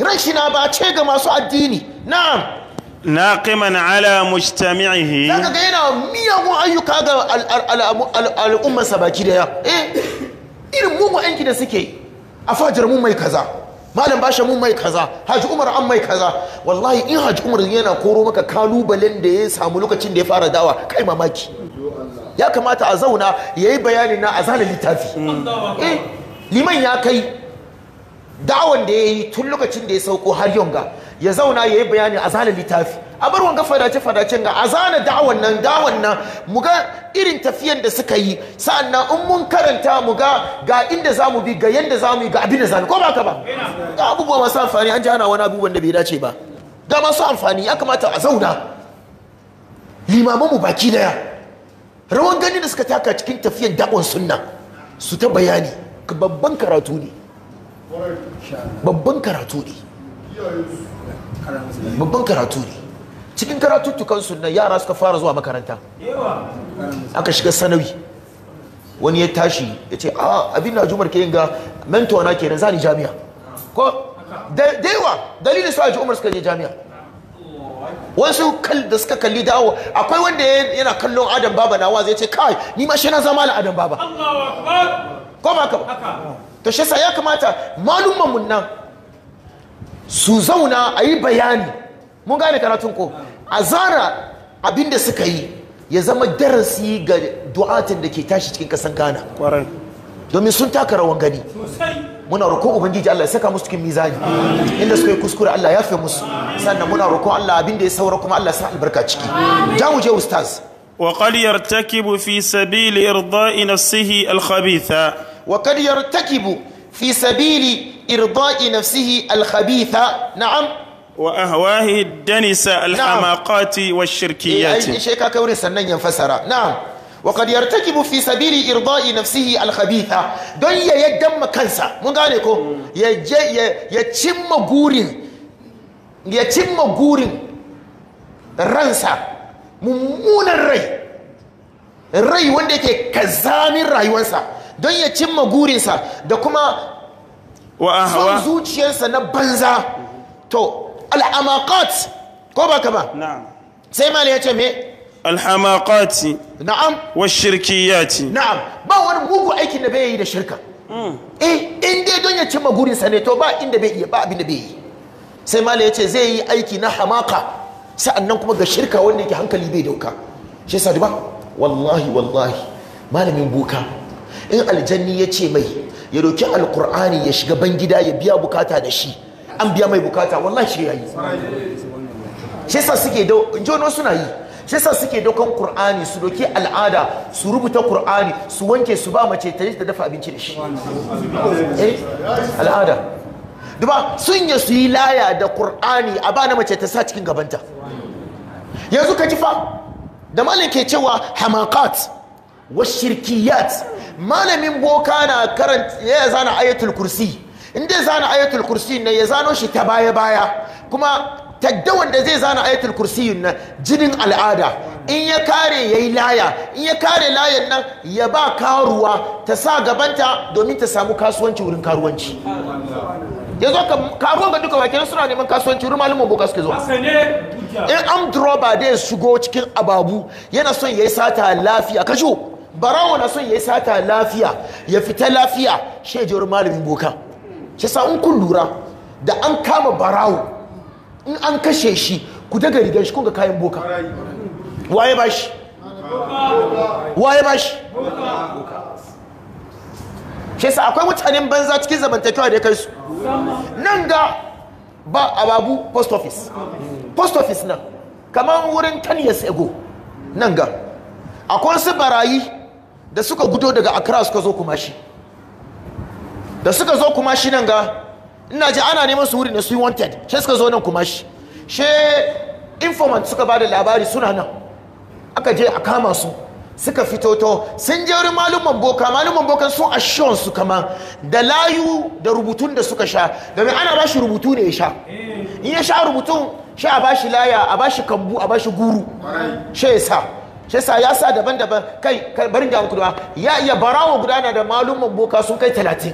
rashi na ba bace ga masu addini na'am naqiman ala mujtami'ihi zaka ga yana miyagun ayyuka ga al'ummarsa da yawa. eh irin mu mu'anki da suke a fajar mu mai kaza malam bashi mun mai kaza haji umar an mai kaza wallahi in haji umar yana koro maka kalubalen da ya samu lokacin da ya fara dawa kai mamaki ya kamata a zauna ya yi bayani na a zana littafi eh, liman ya kai dawon da ya yi tun lokacin da ya sauko har yonga ya zauna ya yi bayani a zana littafi a bar wanga fadace-fadacen ga a zana da'awan nan da'awan nan mu ga irin tafiyan da suka yi sa'annan in mun karanta mu ga ga inda za mu bi ga yanda za mu yi ga abin da za mu ko ba ka ba ga abubuwa masu amfani an ji ana wani abubuwan da bai dace ba ga masu amfani ya kamata a zauna limaman mu baki daya rawan gani da suka taka cikin tafiyan da'awan sunna su ta bayani babban karatu ne babban karatu ne babban karatu ne cikin karatuttukan sunna yara suka fara zuwa makaranta aka shiga sanawi wani ya tashi ya ce a ah, abin na jumar ke yin ga mentor na kenan zani jami'a ko da yawa dalilin su aji umar suka je jami'a wasu da suka kalli dawo akwai wanda yana kallon adam baba nawa zai ce kai ni ma shi na zama la adam baba ko ba ka ba to shi ya kamata malumman mun nan su zauna a yi bayani mun gane karatun ko a zara abin da suka yi ya zama darasi ga du'atin da ke tashi cikin kasan ghana domin sun taka rawan gani muna roƙon ubangiji Allah ya saka musu cikin mizani inda suka yi kuskure Allah ya fi musu sannan muna roƙon Allah abin da ya saura kuma Allah ya sa albarka ciki ja mu je ustaz wa qad yartakibu في سبيل إرضاء نفسه الخبيثة نعم وأهواه الدنس الحماقات نعم. والشركيات إيه، شيكا كوري سنن ينفسر نعم وقد يرتكب في سبيل إرضاء نفسه الخبيثة دون يدم كنسا من قال لكم يتم غورين يتم غورين ransa ممون الري الري wanda yake kazamin rayuwarsa don ya cimma gurinsa da kuma son zuciyarsa na banza to al'amakot ko ba ka ba sai mali ya ce me alhamakati na'am wa shirkiyati na'am ba wani mugu aikin da bai yi da shirka hmm. eh in dai don ya cimma gurinsa ne to ba inda bai iya ba abin da bai yi sai mali ya ce zai yi aiki na hamaka sa'annan kuma ga shirka wanda yake hankali bai dauka shi sadu ba wallahi wallahi malamin buka in aljanni ya ce mai ya doki alkur'ani ya shiga bangida ya biya bukata da shi an biya mai bukata wallahi shi yayi shi sa suke da jono suna yi shi sa suke dokan qur'ani su doki al'ada su rubuta qur'ani su wanke su ba mace ta ta dafa abinci da shi eh al'ada duba sun yi su yi laya da qur'ani a ba na mace ta sa cikin gabanta yanzu ka ji fa da malam ke cewa hamakat shirkiyat malamin boka na karanta ya zana ayatul kursi in dai zana ayatul kursi na ya zano shi ta baya baya kuma tadda wanda zai zana ayatul kursi na jinin al'ada in ya kare yi laya in ya kare layan nan ya ba karuwa ta sa gabanta domin ta samu kasuwanci wurin karuwanci ya zo karuwan ga duka wakilin suna neman kasuwanci wurin malamin boka suke zo. in am dai shigo cikin ababu yana son ya yi sata lafiya kasho barawo na son ya yi sata lafiya ya fita lafiya shi jawar malamin boka shi sa in kun lura da an kama barawo in an kashe shi ku daga rigar shi kunga kayan boka waye ba shi waye ba shi shi sa akwai mutanen banza cikin zamantakewa da ya kai su nan ga ba a babu post office post office nan kamar wurin kan ya sego nan ga akwai su barayi da suka gudo daga akara suka zo kuma da suka zo kuma nan ga ina ji ana neman su wuri na su wanted shi suka zo nan kuma shi informant suka ba da labari suna nan aka je a kama su suka fito to sun je wurin malumman boka malumman boka sun ashiyon su kama da layu da rubutun da suka sha mai ana ba shi rubutu ne ya sha in ya sha rubutun shi a ba shi laya a ba shi kambu a ba shi guru shi ya sa shi sa ya sa daban-daban kai barin ga muku ya iya barawo gudana da malumin boka sun kai talatin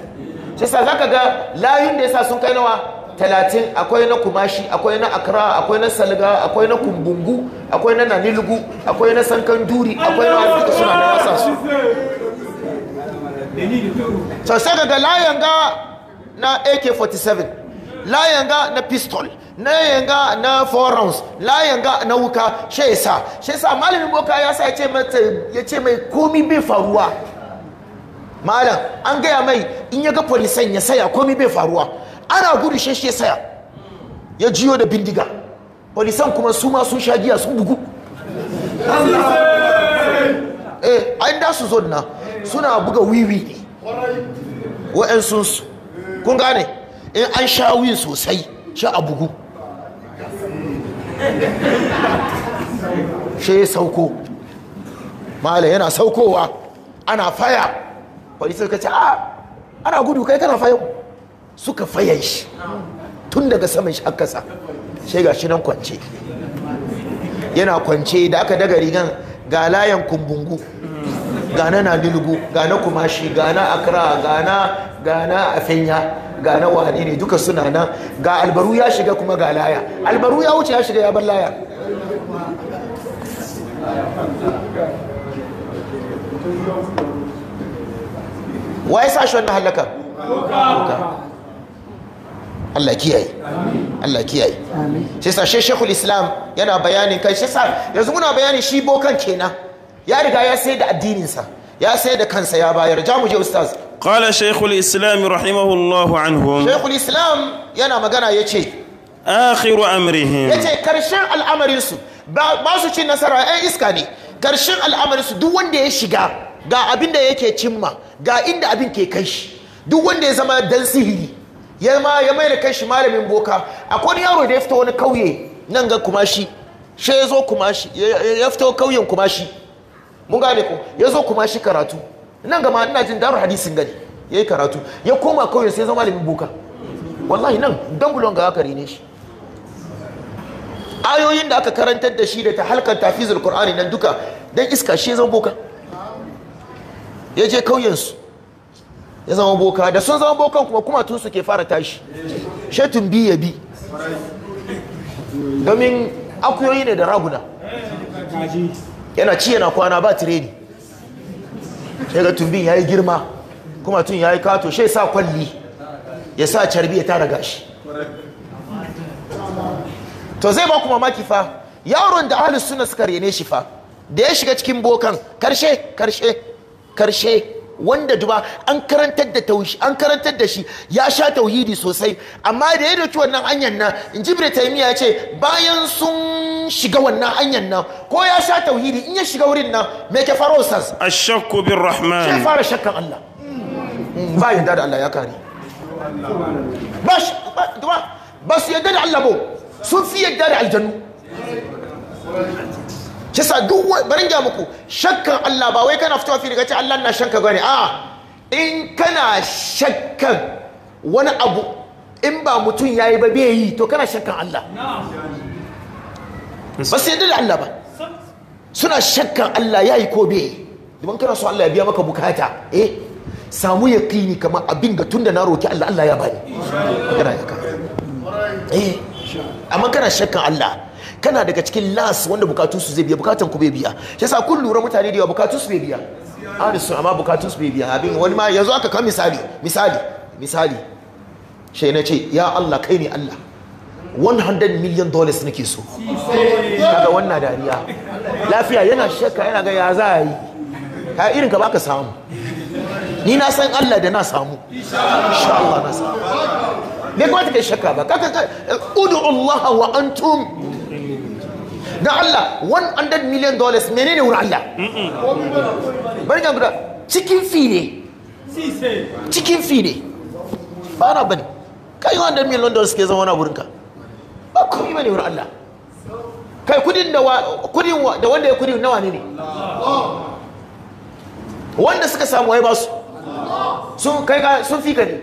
shi sa zaka ga layin da ya sa sun kai nawa talatin akwai na kumashi akwai na akra akwai na salga akwai na kumbungu akwai na nanilugu akwai na sankan duri akwai na wani suna na wasa su so ga layan ga na ak-47 layan ga na pistol na yanga na forums la yanga na wuka shesa shesa malamin boka ya sa ya ce mai komi bai faruwa malam an gaya mai in ya ga polisan ya saya komi bai faruwa ana gudu shi ya saya ya jiyo da bindiga polisan kuma su ma sun sha giya sun bugu eh an da su zonna suna buga wiwi ne wa'yansu kun gane in eh, an sha wi sosai sha a bugu shi ya sauko mala yana saukowa ana faya wani suka ce a ah, ana gudu kai kana fayan suka fayan shi tun daga saman shi akasa shi ga shi nan kwance yana kwance da aka daga rigan ga layan kumbungu gana na dilgu gana kumashi gana akra gana gana afenya gana wani ne duka suna nan ga albaru ya shiga kuma ga laya albaru ya wuce ya shiga ya bar laya wa ya sa shi wannan halaka Allah kiyaye Allah kiyaye sai sa shekul islam yana bayanin kai shi sa yanzu muna bayanin shi bokan kenan ya riga ya sai da addininsa ya sai da kansa ya bayar ja mu je ustaz qala shaykhul islam rahimahullahu anhum shaykhul islam yana magana yace akhir amrihim yace karshen al'amarin su ba su cin nasara ai iska ne karshen al'amarin su duk wanda ya shiga ga abin da yake cimma ga inda abin ke kai shi duk wanda ya zama dan sihiri ya ma ya mai da kai shi malamin boka akwai yaro da ya fito wani kauye nan ga kumashi shi ya zo kumashi ya fito kauyen kumashi mun gane ko ya zo kuma shi karatu nan gama ina jin daru hadisin gani ya yi karatu ya koma kawai sai zama malamin boka wallahi nan don bulon ga haka ne shi ayoyin da aka karantar da shi da ta halkar tafizul qur'ani nan duka dan iska shi zama boka ya je su ya zama boka da sun zama bokan kuma kuma tun su ke fara tashi shatun bi ya bi domin akuyoyi ne da raguna yana ci yana kwana ba tireni sai ga tumbin yi girma kuma tun yayi kato shai sa kwalli ya sa carbi ya tara gashi to zai ba kuma maki fa yaron da ahalus suna suka rene shi fa da ya shiga cikin bokan karshe karshe karshe wanda duba an karantar da taushi an karantar da shi ya sha tauhidi sosai amma da ya dauki wannan hanyar na in jibril taymiya ya ce bayan sun shiga wannan hanyar na ko ya sha tauhidi in ya shiga wurin nan me ke faro sas ashakku bir rahman sai fara shakkan Allah hmm, ba yadda da Allah ya kare ba duba ba su yadda da Allah ba sun fi yadda da aljannu kisa duk barin ga muku shakkan Allah ba wai kana fitowa fili gace Allah na shanka gane a in kana shakkan wani abu in ba mutum ya yi ba bai yi to kana shakkan Allah ba sai da Allah ba suna shakkan Allah ya yi ko bai domin kana so Allah ya biya maka bukata eh samu kini kamar abin ga da na roki Allah Allah ya bani eh, amma kana shakkan Allah kana daga cikin las wanda bukatu su zai biya bukatan ku bai biya shi yasa kun lura mutane da yawa bukatu su bai biya ahli su amma bukatu su bai biya abin wani ma yanzu aka kan misali misali misali shi na ce ya Allah kai ne Allah 100 million dollars nake so kaga wannan dariya lafiya yana shakka yana ga ya za yi ka irin ka baka samu ni na san Allah da na samu insha Allah na samu bai kuma take shakka ba kaka udu Allah wa antum na Allah 100 million dollars menene wurin Allah bari ga guda cikin fi ne cikin fi ne ba na bane kai 100 million dollars ke zama wani wurinka ba kuma bane wurin Allah kai kudin da kudin da wanda ya kudin nawa ne ne wanda suka samu wai basu sun kai ka sun fi ka ne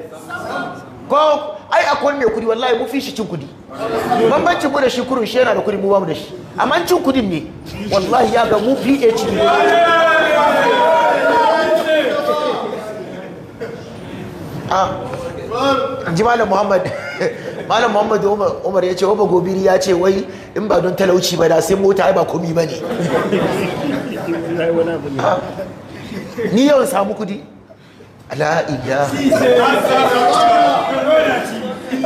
ko ai akwai mai kudi wallahi mu fi shi cin kudi bambancin mu da shi kurun shi yana da kudi mu ba mu da shi Aman cin kudin ne wallahi ya ga mu PH ne a ah, ji malam Muhammad malam Muhammad Umar ya ce wa gobiri ya ce wai in ba don talauci ba da sai mota ba komi ba ne ah, ni yawan samu kudi ala'ida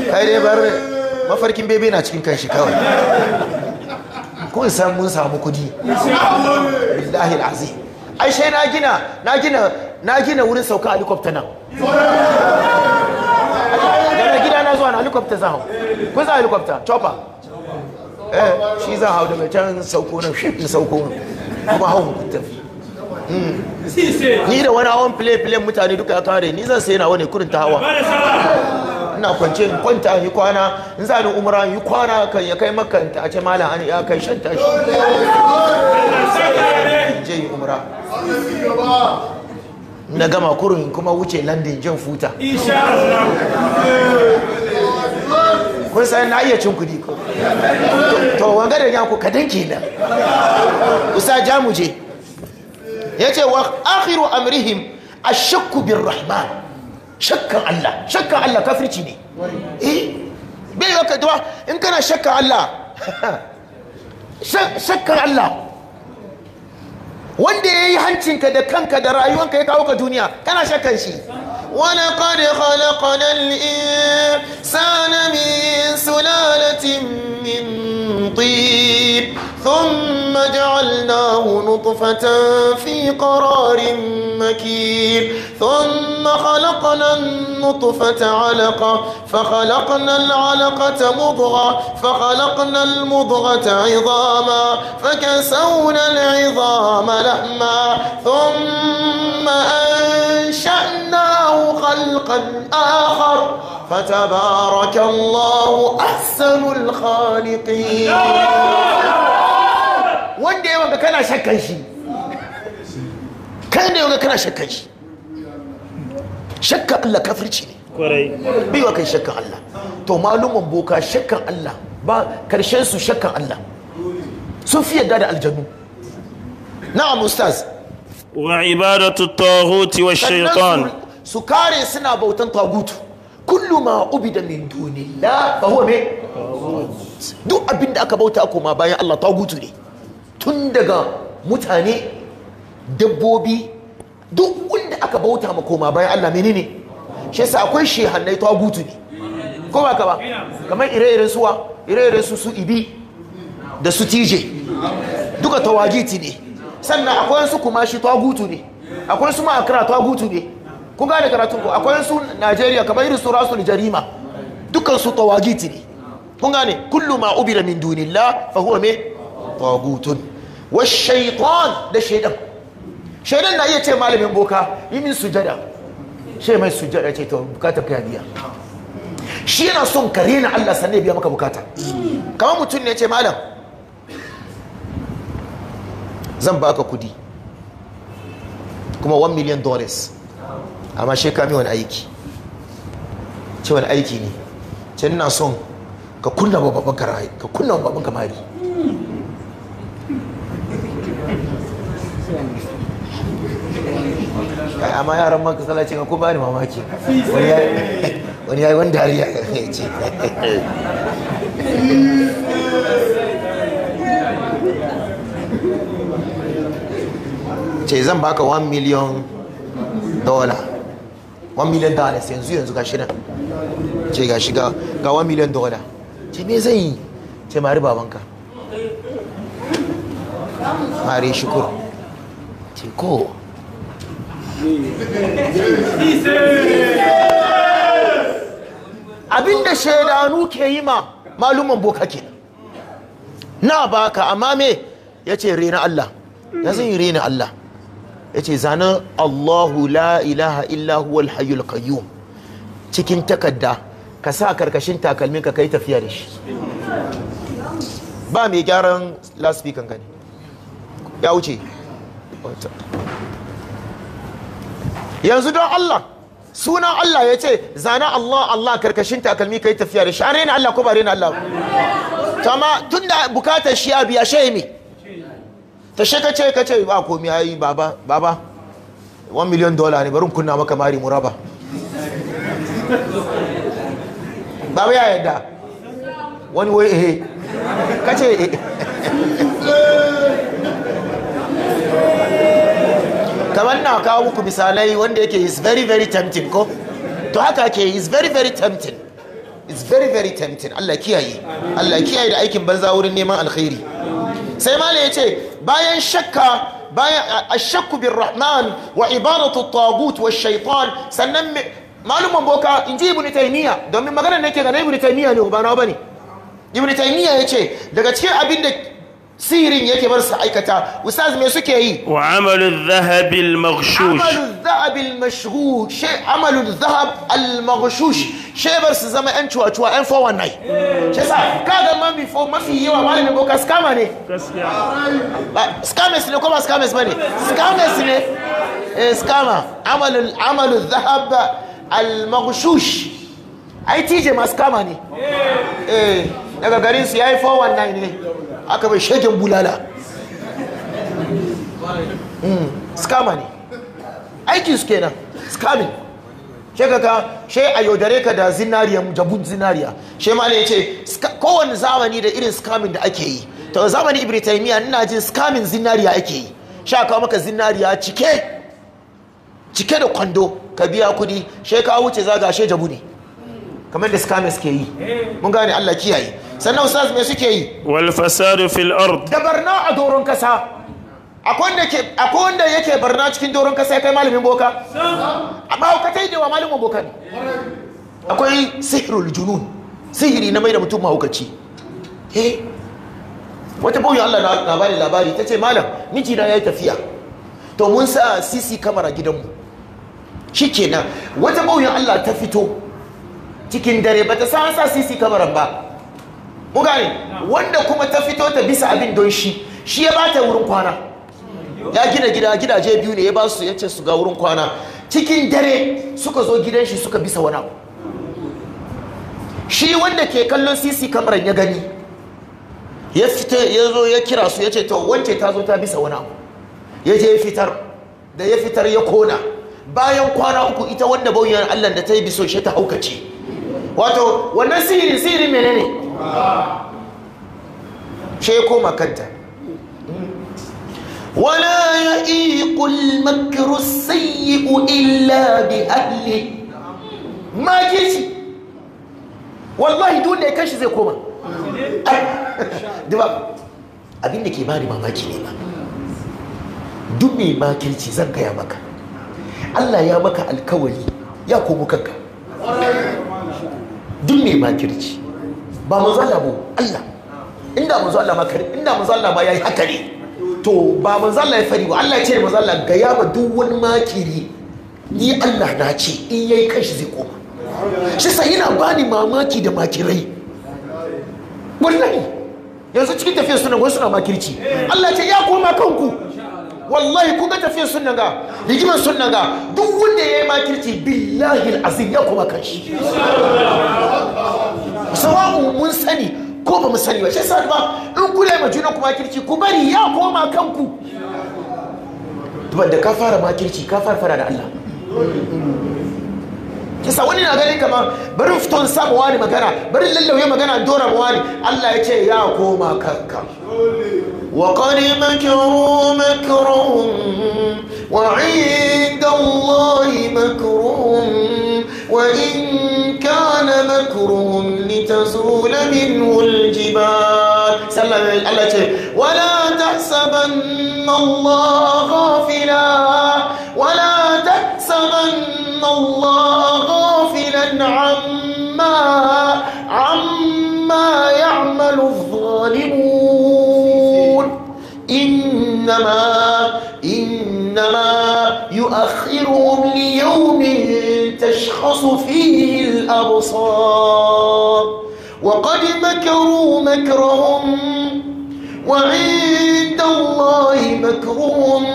kai dai bar mafarkin bebe na cikin shi kawai kun san mun samu kudi billahi alazim ai sai na gina na gina na gina wurin sauka helicopter nan daga gida na zuwa na helicopter zan hau kun san helicopter chopper eh shi zan hau daga can sauko nan shi sauko kuma hau tafi hmm. ni da wani hawan play play mutane duka ya kare ni zan sai na wani kurin ta hawa ina kwance in kwanta yi kwana in za ni umra yi kwana kan ya kai maka ta ce malam an ya kai shan tashi je yi umra na gama kurin kuma wuce landin jan futa kun san na iya cin kudi ko to wanga da yanku ka danki na usa jamuje yace wa akhiru amrihim ashakku Rahman. shakkan Allah shakkan Allah kafirci ne eh bai yau duwa in kana shakkan Allah shakkan Allah wanda ya yi hancinka da kanka da rayuwanka ya kawo ka duniya kana shakkan shi ولقد خلقنا الإنسان من سلالة من طين ثم جعلناه نطفة في قرار مكين ثم خلقنا النطفة علقة فخلقنا العلقة مضغة فخلقنا المضغة عظاما فكسونا العظام لحما ثم أنشأناه الله خلقا آخر فتبارك الله أحسن الخالقين wanda ya wanga kana shakkan shi kai ne wanga kana shakkan shi shakkan Allah kafirci ne kwarai bai wa kai shakkan Allah to malumin boka shakkan Allah ba karshen su shakkan Allah sun da aljanu na'am su kare suna bautan tagutu kullu ma ubida min dunillah fa huwa me duk abin da aka bauta ma bayan Allah tagutu ne tun daga mutane dabbobi duk wanda aka bauta ma koma bayan Allah menene shi yasa akwai shehannai tagutu ne ko ba ka ba kamar ire-iren suwa ire-iren su su ibi da su tije duka tawagiti ne sannan akwai su kuma shi tagutu ne akwai su ma akira tagutu ne kun gane karatun ku akwai su Najeriya kamar irin su rasul jarima dukkan su tawagiti ne kun gane kullum ma ubira min dunillah fa huwa me tawagutun wa shaytan da shaydan shaydan na iya ce malamin boka yi min sujada she mai sujada ce to bukata ka biya shi yana son ka rena Allah sanne biya maka bukata kamar mutum ne ce malam zan baka kudi kuma 1 million dollars amma shi ka wani aiki ce wani aiki ne ce ina son ka kunna wa babban kamari ka kunna wa babban kamari kai amma yaran maka salacin ko ba ni mamaki wani yayi wani dariya ya ce ce zan baka 1 million dollar 1 million dollars yanzu yanzu ga shi nan ce ga shi ga 1 million dollar ce me zai yi ce mari babanka mari shukur ce ko abinda shaidanu ke yi ma maluman boka ke na baka amma me ya ce rena Allah ya zai rena Allah yace zanen Allahu la ilaha illa huwal hayyul qayyum cikin takarda ka sa karkashin takalmin ka kai tafiya da shi ba mai gyaran week ka ne ya wuce yanzu don Allah sunan Allah ya ce zanen Allah Allah karkashin takalmi kai tafiya da shi an rena Allah ko ba rena Allah ta ma tun da bukatar shi a biya shi ta shi ka ce ka ce ba komi yi baba baba 1 million dollar ne barin kunna maka mari muraba baba ya yadda wani wai ehe ka ce ka eh. kamar na kawo muku misalai wanda yake is very very tempting ko to haka ke is very very tempting is very very tempting Allah kiyaye Allah kiyaye da aikin banza wurin neman alkhairi sai ya ce. bayan shakka bayan ashakku bin rahman wa ibaratu tagut wa shaitan sannan malumin boka in ji ibn taymiya domin maganar nake ga na ibn taymiya ne ba na bane ibn taymiya yace daga cikin abin da sirin yake bar su aikata ustaz me suke yi wa amalu dhahab al maghshush amalu dhahab al mashghush she amalu dhahab al maghshush she bar su zama yan cuwa cuwa yan 419 she sa kaga man before mafi yawa malamin boka scammer ne gaskiya scammers ne ko ba scammers bane scammers ne eh scammer amalu amalu dhahab al maghshush ai tije ma scammer ne eh. eh daga garin su yayi 419 ne aka bai shegen bulala hmm, skama ne aikin su kenan skamin shekaka she a yaudare ka da zinariya jabun zinariya she ma ne ce kowane zamani da irin skamin da ake yi ta zamani ibn nuna jin skamin zinariya ake yi sha kawo maka zinariya cike cike da kwando ka biya kudi shai ka wuce zaga she jabu ne kamar da skamin suke yi mun gane Allah kiyaye sannan ustaz me suke yi wal fasadu fil ard da barna a doron kasa akwai wanda yake barna cikin doron kasa ya kai malamin boka a mahaukatai da dewa malamin boka ne akwai sihirul junun sihiri na mai da mutum mahaukaci he wata bauyi Allah na bani labari ta ce malam mijina ya yi tafiya to mun sa sisi kamara gidanmu shi kenan wata bauyin Allah ta fito cikin dare ba ta sa sisi kamaran ba mu wanda kuma ta fito ta bisa abin don shi shi ya ba ta wurin kwana ya gina gida gidaje biyu ne ya ba su ya ce su ga wurin kwana cikin dare suka zo gidan shi suka bisa wani shi wanda ke kallon sisi kamar ya gani ya fita ya zo ya kira su ya ce to wance ta zo ta bisa wani ya je ya fitar da ya fitar ya kona bayan kwana uku ita wanda bauyan Allah da ta yi biso shi ta haukace wato wannan sihiri sihiri menene she koma kanta wala ya'iqul makru sayyi'u illa bi ahli ci. wallahi duk da kashi zai koma duba abin da ke bari mamaki ne ba duk mai makirci zan kaya maka Allah ya maka alkawali ya komo kanka duk mai makirci ba manzo Allah ba Allah inda manzo Allah makar inda manzo Allah ba yayi haka ne to ba manzo Allah ya fari ba Allah ya ce manzo Allah ga ya ba duk wani makiri ni Allah na ce in yayi kanshi zai koma shi sai yana bani mamaki da makirai wallahi yanzu cikin tafiyar suna wasu suna makirci Allah ya ce ya koma kanku wallahi ku ga tafiyar sunnan ga rigimar sunnan ga duk wanda ya yi makirci billahi azim ya kuma kan shi sawa'u mun sani ko ba mu sani ba shi yasa ba in kula ma junan kuma kirci ku bari ya koma kanku da ka fara makirci ka fara fara da Allah kisa wani na ganin kamar barin fiton samu wani magana barin lallauye magana dora ma wani Allah ya ce ya koma kanka wa qad makaru makruhum wa 'inda Allah makruhum wa in kana makruhum litazula minhu al-jibal sallallahu alaihi Allah ce wala tahsabanna Allah ghafila wala tahsabanna Allah عما عما يعمل الظالمون إنما إنما يؤخرهم ليوم تشخص فيه الأبصار وقد مكروا مكرهم وعند الله مكرهم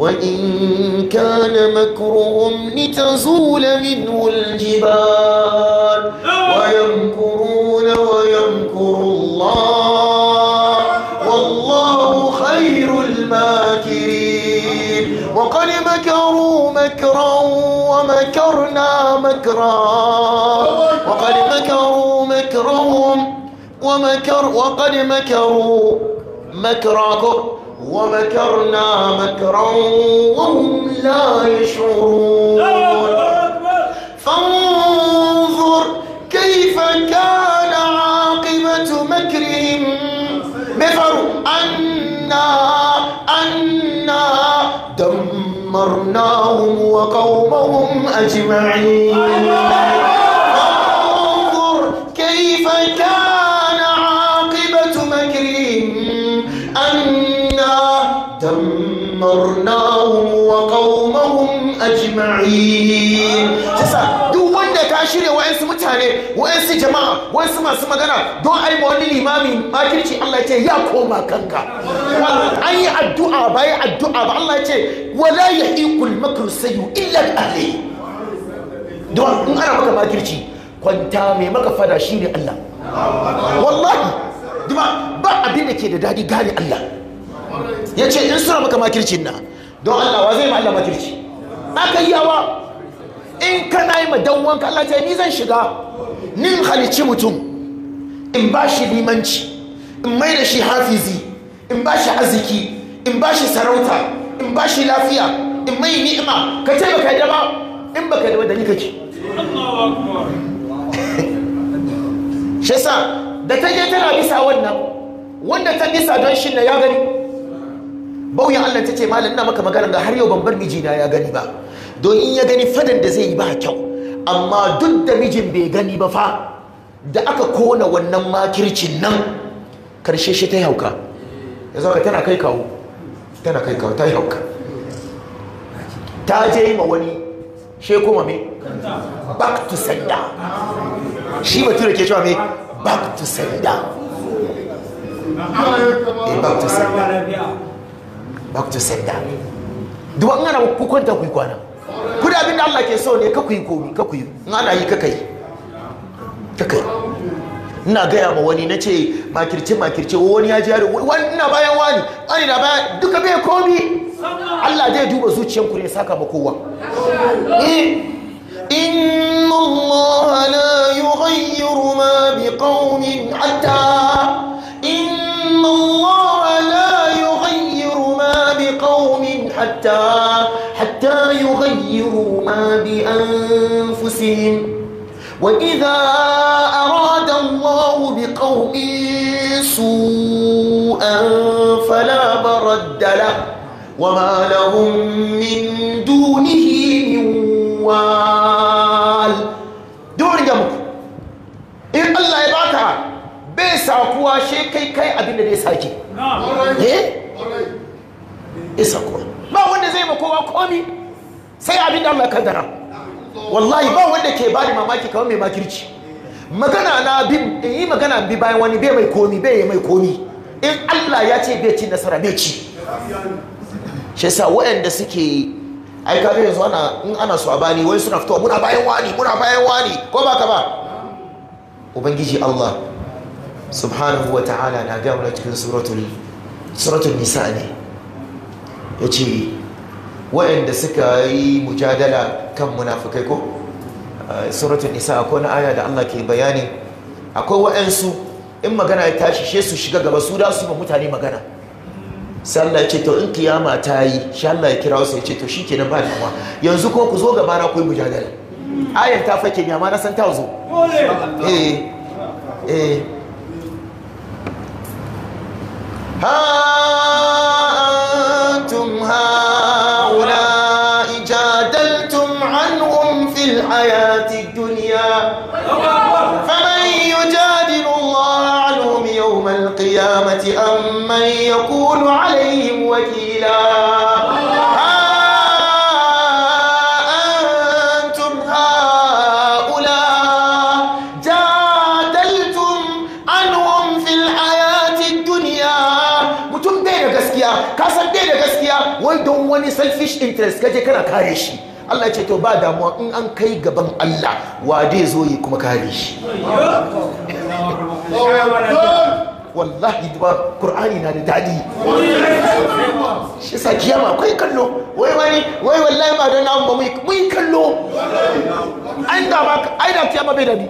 وإن كان مكرهم لتزول منه الجبال ويمكرون ويمكر الله والله خير الماكرين وقد مكروا مكرا ومكرنا مكرا وقد مكروا مكرهم ومكر وقد مكروا مكركم ومكرنا مكرا وهم لا يشعرون فانظر كيف كان عاقبة مكرهم مفروا أنا أنا دمرناهم وقومهم أجمعين فانظر كيف كان دمرناهم وقومهم أجمعين سيسا duk wanda ka shirya wa'ansu mutane wa'ansu jama'a wa'ansu masu magana don ai ma wani limami makirci Allah ce ya koma kanka an yi addu'a ba yi addu'a ba Allah ce wala ya ikul makar sayu illa ahli don in ana maka makirci kwanta mai maka fada shine Allah wallahi ba abin da ke da dadi gane Allah ya ce in suna maka makircin na don Allah wa zai ma Allah makirci aka yi yawa in kana yi wanka Allah ta ni zan shiga nin halici mutum in ba shi limanci in mai da shi hafizi in ba shi arziki in ba shi sarauta in ba shi lafiya in mai ni'ima ka ce baka da ba in baka da ni kake shi da ta je tana bisa wannan wanda ta bisa don shi na ya gani bauya Allah ta ce malam ina maka magana ga har yau ban bar mijina ya gani ba don in ya gani fadan da zai yi ba kyau amma duk da mijin bai gani ba fa da aka kona wannan makircin nan karshe shi ta yi hauka ya zaka tana kai kawo tana kai kawo ta yi hauka ta je ma wani she kuma me back to sanda shi ba tura ke cewa me back to sanda eh, back to ba ku ci sai da duk an ana ku kwanta ku yi kwana ku da abin da Allah ke so ne ka ku yi komi ka ku yi in ana yi ka kai ka kai ina gaya ma wani na ce makirce makirce wani ya ji wani ina bayan wani wani na bayan duka bai komi Allah zai duba ku ne saka ma kowa إن الله لا يغير ما بقوم حتى إن الله لا حتى حتى يغيروا ما بأنفسهم وإذا أراد الله بقوم سوءا فلا برد له وما لهم من دونه من wal domin ga muku Allah ya baka bai sakuwa she kai kai abin da zai sake eh ba wanda zai ma kowa komi sai abin da Allah ya kaddara wallahi ba wanda ke bada mamaki kamar mai makirci magana na bi yi magana bi bayan wani bai mai komi bai mai komi in Allah ya ce bai ci nasara bai ci shi yasa waɗanda suke ai ka ga yanzu ana in ana so bani wai suna fitowa muna bayan wani muna bayan wani ko ba ka ba ubangiji Allah subhanahu wa ta'ala na ga mu cikin suratul suratul nisa ne ya ce waɗanda suka yi mujadala kan munafukai ko suratun nisa a kone aya da allah ke bayani akwai waɗansu in magana ya tashi shi su shiga gaba su da su ma mutane magana sallah ce to in kiyama ta yi shi allah ya kira wasu ya ce to shi kenan ba damuwa yanzu ko ku zo gaba na ku yi mujadala ayar ta fake ne amma na san ta zo eh, eh. ha هؤلاء جادلتم عنهم في الحياة الدنيا فمن يجادل الله عنهم يوم القيامة أم من يكون عليهم وكيلا wani selfish interest kaje kana kare shi Allah ya ce to ba damuwa in an kai gaban Allah wa dai zo yi kuma kare shi wallahi duba qur'ani na da dadi shi sa kiyama kai kallo wai wani wai wallahi ba dan namu ba mu yi kallo an da ba ai da kiyama bai dadi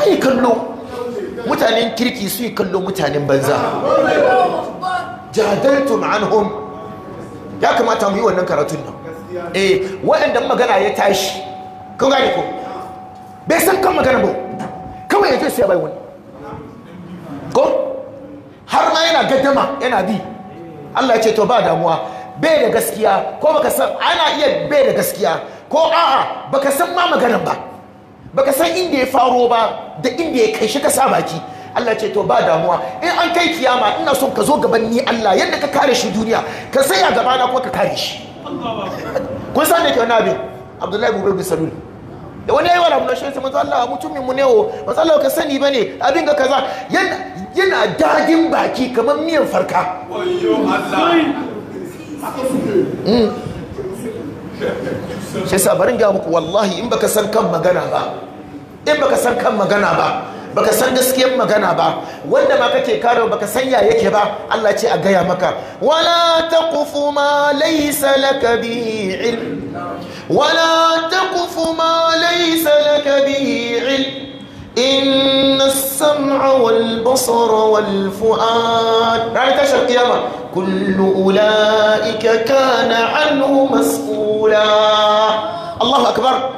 ai kallo mutanen kirki su yi kallo mutanen banza jadaltum anhum ya kamata mu yi wannan karatun nan eh wa'anda magana ya tashi kun gane ko bai san kan magana ba kawai ya je sai bai wani ko har ma yana gaddama yana bi Allah ya ce to ba damuwa bai da gaskiya ko baka san ana iya bai da gaskiya ko a'a baka san ma magana ba baka san inda ya faro ba da inda ya kai shi ka sa baki Allah ce to ba damuwa in an kai kiyama ina son ka zo gaban ni Allah yadda ka kare shi duniya ka saya gaba na ko ka kare shi kun san da ke wani abin Abdullahi Bube bin Salul da wani yayi wani abin sai manzo Allah mutumin mu ne o. manzo Allah ka sani bane abin ga kaza yana dagin baki kamar miyan farka shi sa barin ga muku wallahi in baka san kan magana ba in baka san kan magana ba baka san gaskiyar magana ba wanda ma kake karo baka san ya yake ba Allah ce a gaya maka wala taqfu ma laisa laka bi ilm wala taqfu ma laisa laka bi ilm إن السمع والبصر والفؤاد رأي تشر القيامة كل أولئك كان عنه مسؤولا الله أكبر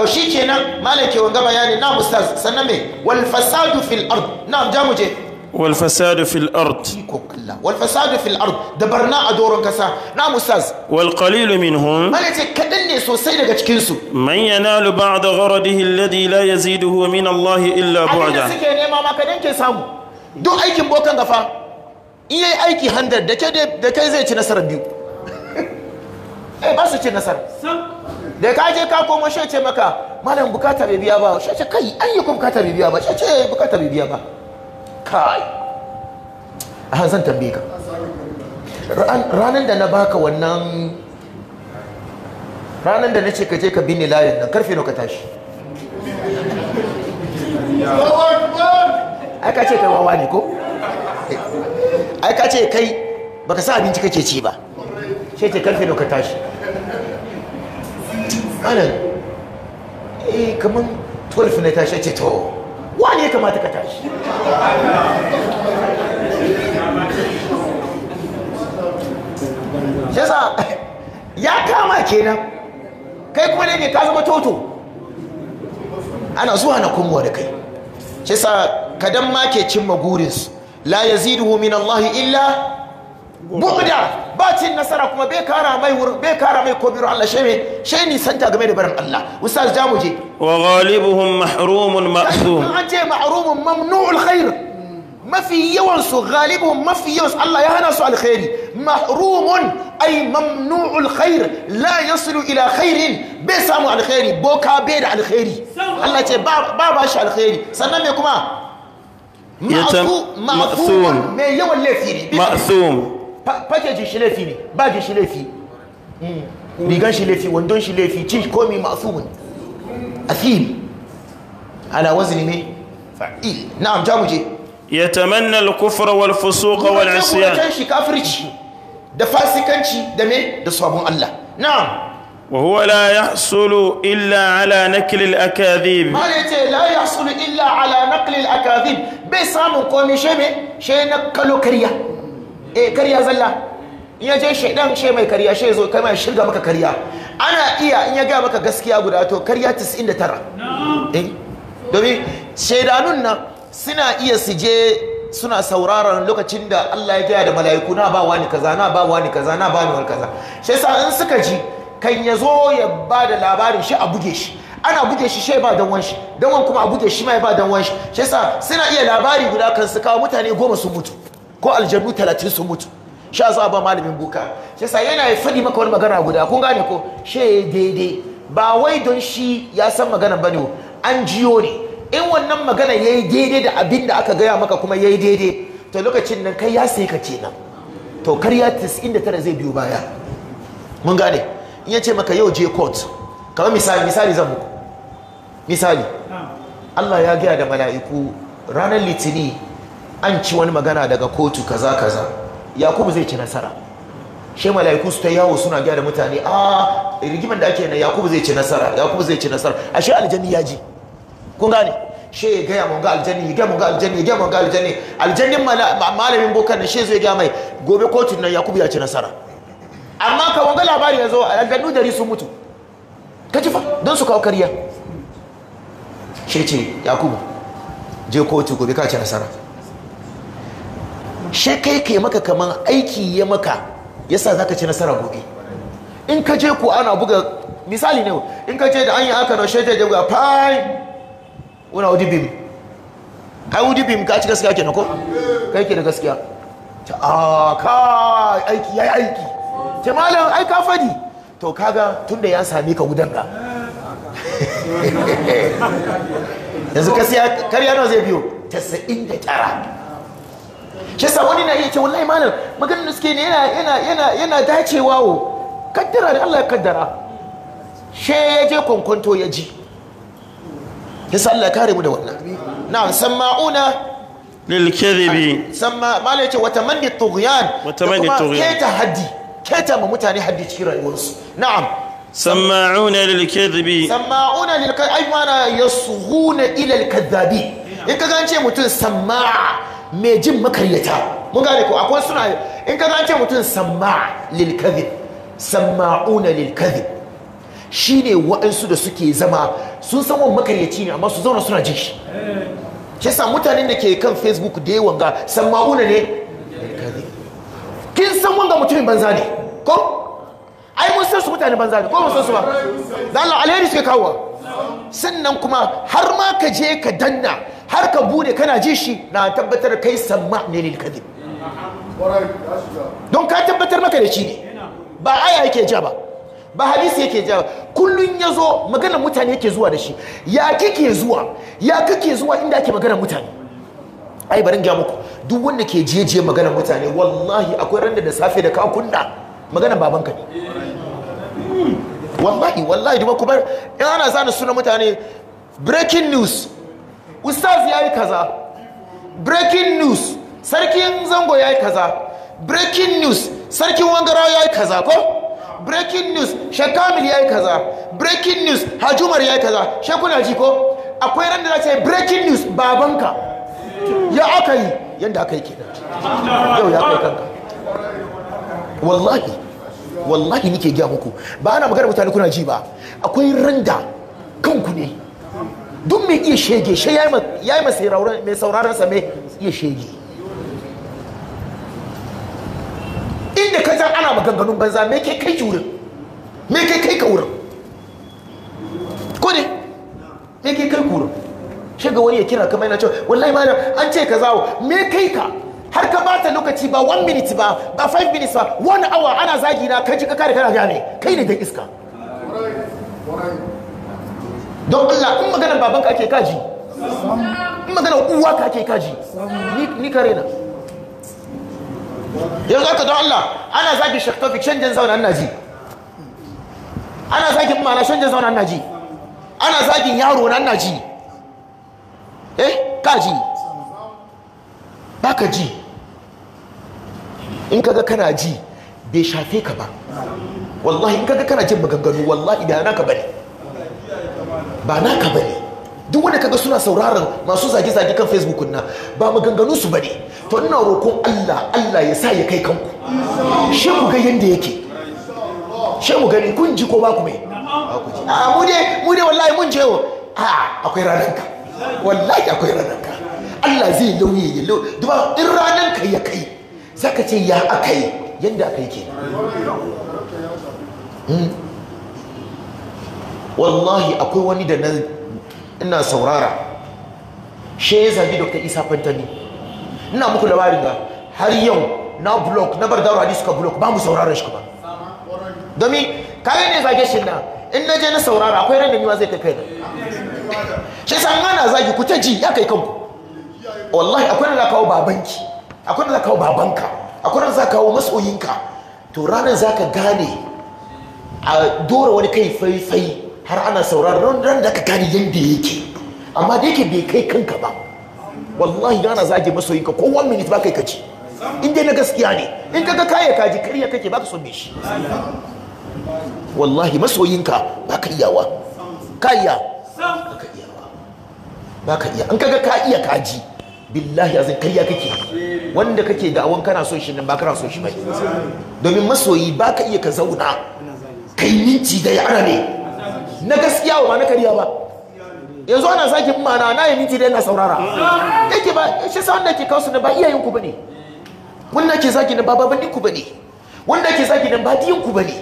توشيكي نعم مالك وانقبا يعني نعم أستاذ سنمي والفساد في الأرض نعم جامجي wal fasadu fil ard da barna a doron kasa na musaz wal qalilu minhum malace kadan ne sosai daga cikin su man yanalu ba'da gharadihi alladhi la yaziduhu min Allah illa bu'da abin suke nema ma kadan ke samu duk aikin aiki da zai ci nasarar biyu eh, ba su da ka je ka komo shi ce maka malam bukata bai biya ba shi ce kai an yi bukata bai biya ba shi ce eh, bukata bai biya ba kai a zan tambaye ka ranar da na baka wannan ranar da na ce ka je ka bini layin nan karfe na ka tashi ai ka ce kai wawa ne ko ai ka ce kai baka sa abinci kake ci ba ce ce karfe na ka tashi anan eh kaman 12 na tashi ce to Ka kamata ka tashi shesa ya kama kenan kai kuma ne ka zama toto ana zuwa na kunwa da kai shesa kadan ma ke cimma gurinsu la zidu min Allah illa buɗa. ba nasara kuma bai kara mai wurin bai kara mai kobiru Allah shi ne shi ni santa game da barin Allah ustaz ja muje wa ghalibuhum mahrumun ma'sum an ce mahrumun mamnu'ul khair mafi yawan su ghalibuhum mafi yawan Allah ya hana su alkhairi mahrumun ay mamnu'ul khair la yasilu ila khairin bai samu alkhairi boka bai da alkhairi Allah ce ba ba shi alkhairi sannan me kuma ma'sum mai yawan laifi ma'sum fakejin shi laifi ne bagin shi laifi hmm. rigan shi laifi wandon shi laifi cin komi masu asiri ala wazni ne fa'il na'am ja muje yatamanna al-kufr wal fusuq wal isyan kan shi kafirci da fasikanci da me da sabon Allah na'am wa huwa la yahsulu illa ala nakl al-akadhib ma yace la yahsulu illa ala nakl al-akadhib bai samu komai me she na kariya eh kariya zalla ya je shaidan she mai kariya she zo kai mai shirga maka kariya ana iya in ya ga maka gaskiya guda to kariya 99 eh domin shaidanun nan suna iya su je suna sauraron lokacin da Allah ya gaya da mala'iku na ba wani kaza na ba wani kaza na ba wani kaza shi yasa in suka ji kan ya zo ya ba da labarin shi a buge shi ana buge shi shi ba danwan shi danwan kuma a buge shi ma ya ba danwan shi shi yasa suna iya labari guda kan su kawo mutane goma sun mutu ko aljanu talatin sun mutu sha za ba malamin buka yasa yana ya faɗi maka wani magana guda kun gane ko she daidai ba wai don shi ya san magana ba ne an jiyo ne in wannan magana ya yi daidai da abin da aka gaya maka kuma ya yi daidai to lokacin nan kai ya sai ka ce nan to karya 99 zai biyo baya mun gane in ya ce maka yau je court kamar misali misali zan muku misali Allah ya gaya da mala'iku ranar litini an ci wani magana daga kotu kaza kaza yakubu zai ci nasara shi malaiku su ta yawo suna gyara da mutane a ah, rigiman da ake na yakubu zai ci nasara yakubu zai ci nasara A shi aljanni ya ji kun gane shi ya gaya mun ga aljanni ya gaya mun ga aljanni ya gaya mun ga aljanni aljannin malamin bokan da shi zai gaya mai gobe kotun nan yakubu ya ci nasara amma ka wanga labari ya zo aljannu dari sun mutu ka ji fa don su kawo kariya shi ce yakubu je kotu gobe ka ci nasara Shekai kai kai maka kaman aiki ya maka yasa zaka ci nasara gobe in ka je ko ana buga misali ne in ka je da an yi aka na she je buga fai Wani audi bim kai audi bim ka ci gaskiya kenan ko kai ke da gaskiya ta aka ah, ka aiki yi aiki Ta malam ai ka fadi to kaga tunda ya sami ka gudan ka. yanzu kasiya karya nawa zai biyo 99 shi wani na iya ce wallahi malam maganar da suke ne yana yana yana yana dacewa wo kaddara da Allah ya kaddara she ya je kwankwanto ya ji yasa Allah ya kare mu da wannan na'am sama'una lil kadhibi samma malai ce wata manni tughyan wata manni tughyan keta haddi keta ma mutane haddi cikin rayuwarsu na'am سماعون للكذب سماعون للكذب أي معنى يصغون إلى الكذابين in ka gance mutum sama'a mai jin makaryata mun gane ko akwai suna in ka gance mutum samma lil kadhib samma'una lil kadhib shine waɗansu da suke zama sun san wani makaryaci ne amma su zauna suna jin shi ke sa mutanen da ke kan facebook da yawan ga san ma'una ne kin san wanga mutumin banza ne ko ai mun san su mutane banza ne ko mun san su ba da Allah alheri suke kawo sannan kuma har ma ka je ka danna har ka bude kana ji shi na tabbatar kai samma ne ne kadi don ka tabbatar maka da shi ne ba aya yake ja ba ba hadisi yake ja ba kullun yazo magana mutane yake zuwa da shi ya kike zuwa ya kike zuwa inda ake magana mutane ai barin ga muku duk wanda ke jeje magana mutane wallahi akwai randa da safe da ka kunna magana babanka ne wallahi wallahi duk kuma in ana zana sunan mutane breaking news ustaz ya yi kaza breaking news sarkin zango ya yi kaza breaking news sarkin wangarawa ya yi kaza ko breaking news shakamil ya yi kaza breaking news hajumar ya yi kaza shekuna ji ko akwai ran da za ce breaking news babanka ya aka yi yadda aka yi ke yau ya kai kanka wallahi wallahi nike gya muku ba ana magana mutane kuna ji ba akwai randa kanku ne duk mai iya shege shi ya yi mai sauraron sa mai iya shege inda ka zan ana maganganun banza mai kai kai wurin mai kai kai ka wurin kone mai kai kai wurin shiga wani ya kira kamar yana cewa wallahi malam an ce ka zawo mai kai ka har ka ba ta lokaci ba 1 minute ba ba 5 minutes ba 1 hour ana zagi na kai ji ka kare kana gane kai ne dan iska don Allah in magana babanka ake kaji in magana uwa ka ake kaji ni kare na yanzu aka don Allah ana zaki shaktafi canjin zaune an ji ana zaki mana canjin zaune an ji ana zaki yaro na an ji eh kaji baka ji in kaga kana ji bai shafe ka ba wallahi in kaga kana jin maganganu wallahi da naka bane ba naka bane duk wanda kaga suna sauraron masu zage-zage kan facebook na ba ganganu su ba ne to ina roƙon Allah Allah ya sa ya kai kanku shi ku ga yanda yake shi mu gani kun ji ko ba ku mai a mu dai mu wallahi mun je a akwai ranar ka wallahi akwai ranar ka Allah zai lauye ya lauye duba in ranar ka ya kai zaka ce ya akai yanda akai kenan hmm? wallahi akwai wani da ina saurara she ya zagi dr isa fantani ina muku labarin ga har yau na blok na bar daro hadisi ka blok ba mu saurara shi ba domin kayan ne zage shi na in na je na saurara akwai ran da niwa zai kai na shi san ana zagi ku ta ji ya kai kanku wallahi akwai na kawo babanki akwai na kawo babanka akwai na za kawo masoyinka to ranar za ka gane a dora wani kai faifai har ana sauraron ran da ka gane yadda yake amma da yake bai kai kanka ba wallahi gana zage masoyi ka ko one minute ba kai kaci in dai na gaskiya ne in ka ga kaya kaji karya kake ba ka son shi wallahi masoyinka ba ka iyawa kaya ba ka iya in ka ga ka iya kaji billahi azin karya kake wanda kake da awon kana son shi nan ba kana son shi bai domin masoyi ba ka iya ka zauna kai minti da yara ne na gaskiya ba na kariya ba yanzu ana zagin mana na yi miji da yana saurara yake ba shi sa wanda ke kawo su ba iyayen ku bane wanda ke sake na ba babannin ku bane wanda ke sake na ba diyan ku bane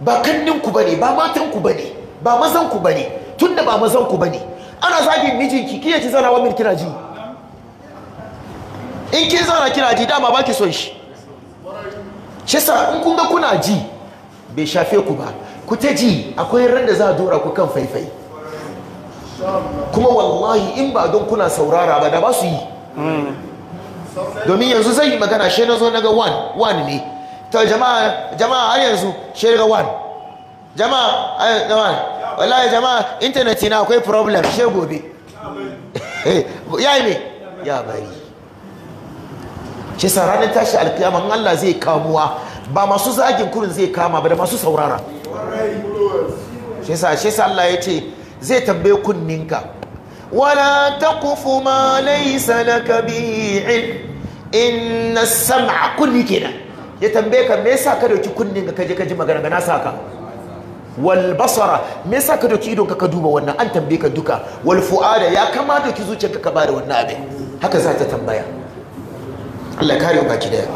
ba kannin ku bane ba matan ku bane ba mazan ku bane tunda ba mazan ku bane ana zagin mijinki kiyaye ki zana wa min kiraji ji in kin kiraji kina ji dama ki son shi shi sa in kun ga kuna ji bai shafe ku ba ku ta ji akwai ran da za a dora ku kan faifai kuma wallahi in ba don kuna saurara ba da ba su yi domin yanzu zai yi magana shi na zo na ga wani ne ta jama'a jama'a har yanzu shi ga wani jama'a har jama'a wallahi jama'a intanet na akwai problem shi gobe ya yi ne ya bari shi sa ranar tashi alkiyama Allah zai kamuwa ba masu zagin kurin zai kama ba da masu saurara shi yasa shi Allah ya ce zai tambaye kunninka wala taqfu ma laysa laka bihi ilm inna as-sam'a kulli kenan ya tambaye ka me yasa ka dauki kunninka ka je ka ji magana na saka wal basara me yasa ka dauki idonka ka duba wannan an tambaye ka duka wal fuada ya kamata ki zuciyarka ka bada wannan abin haka za ta tambaya Allah kare baki daya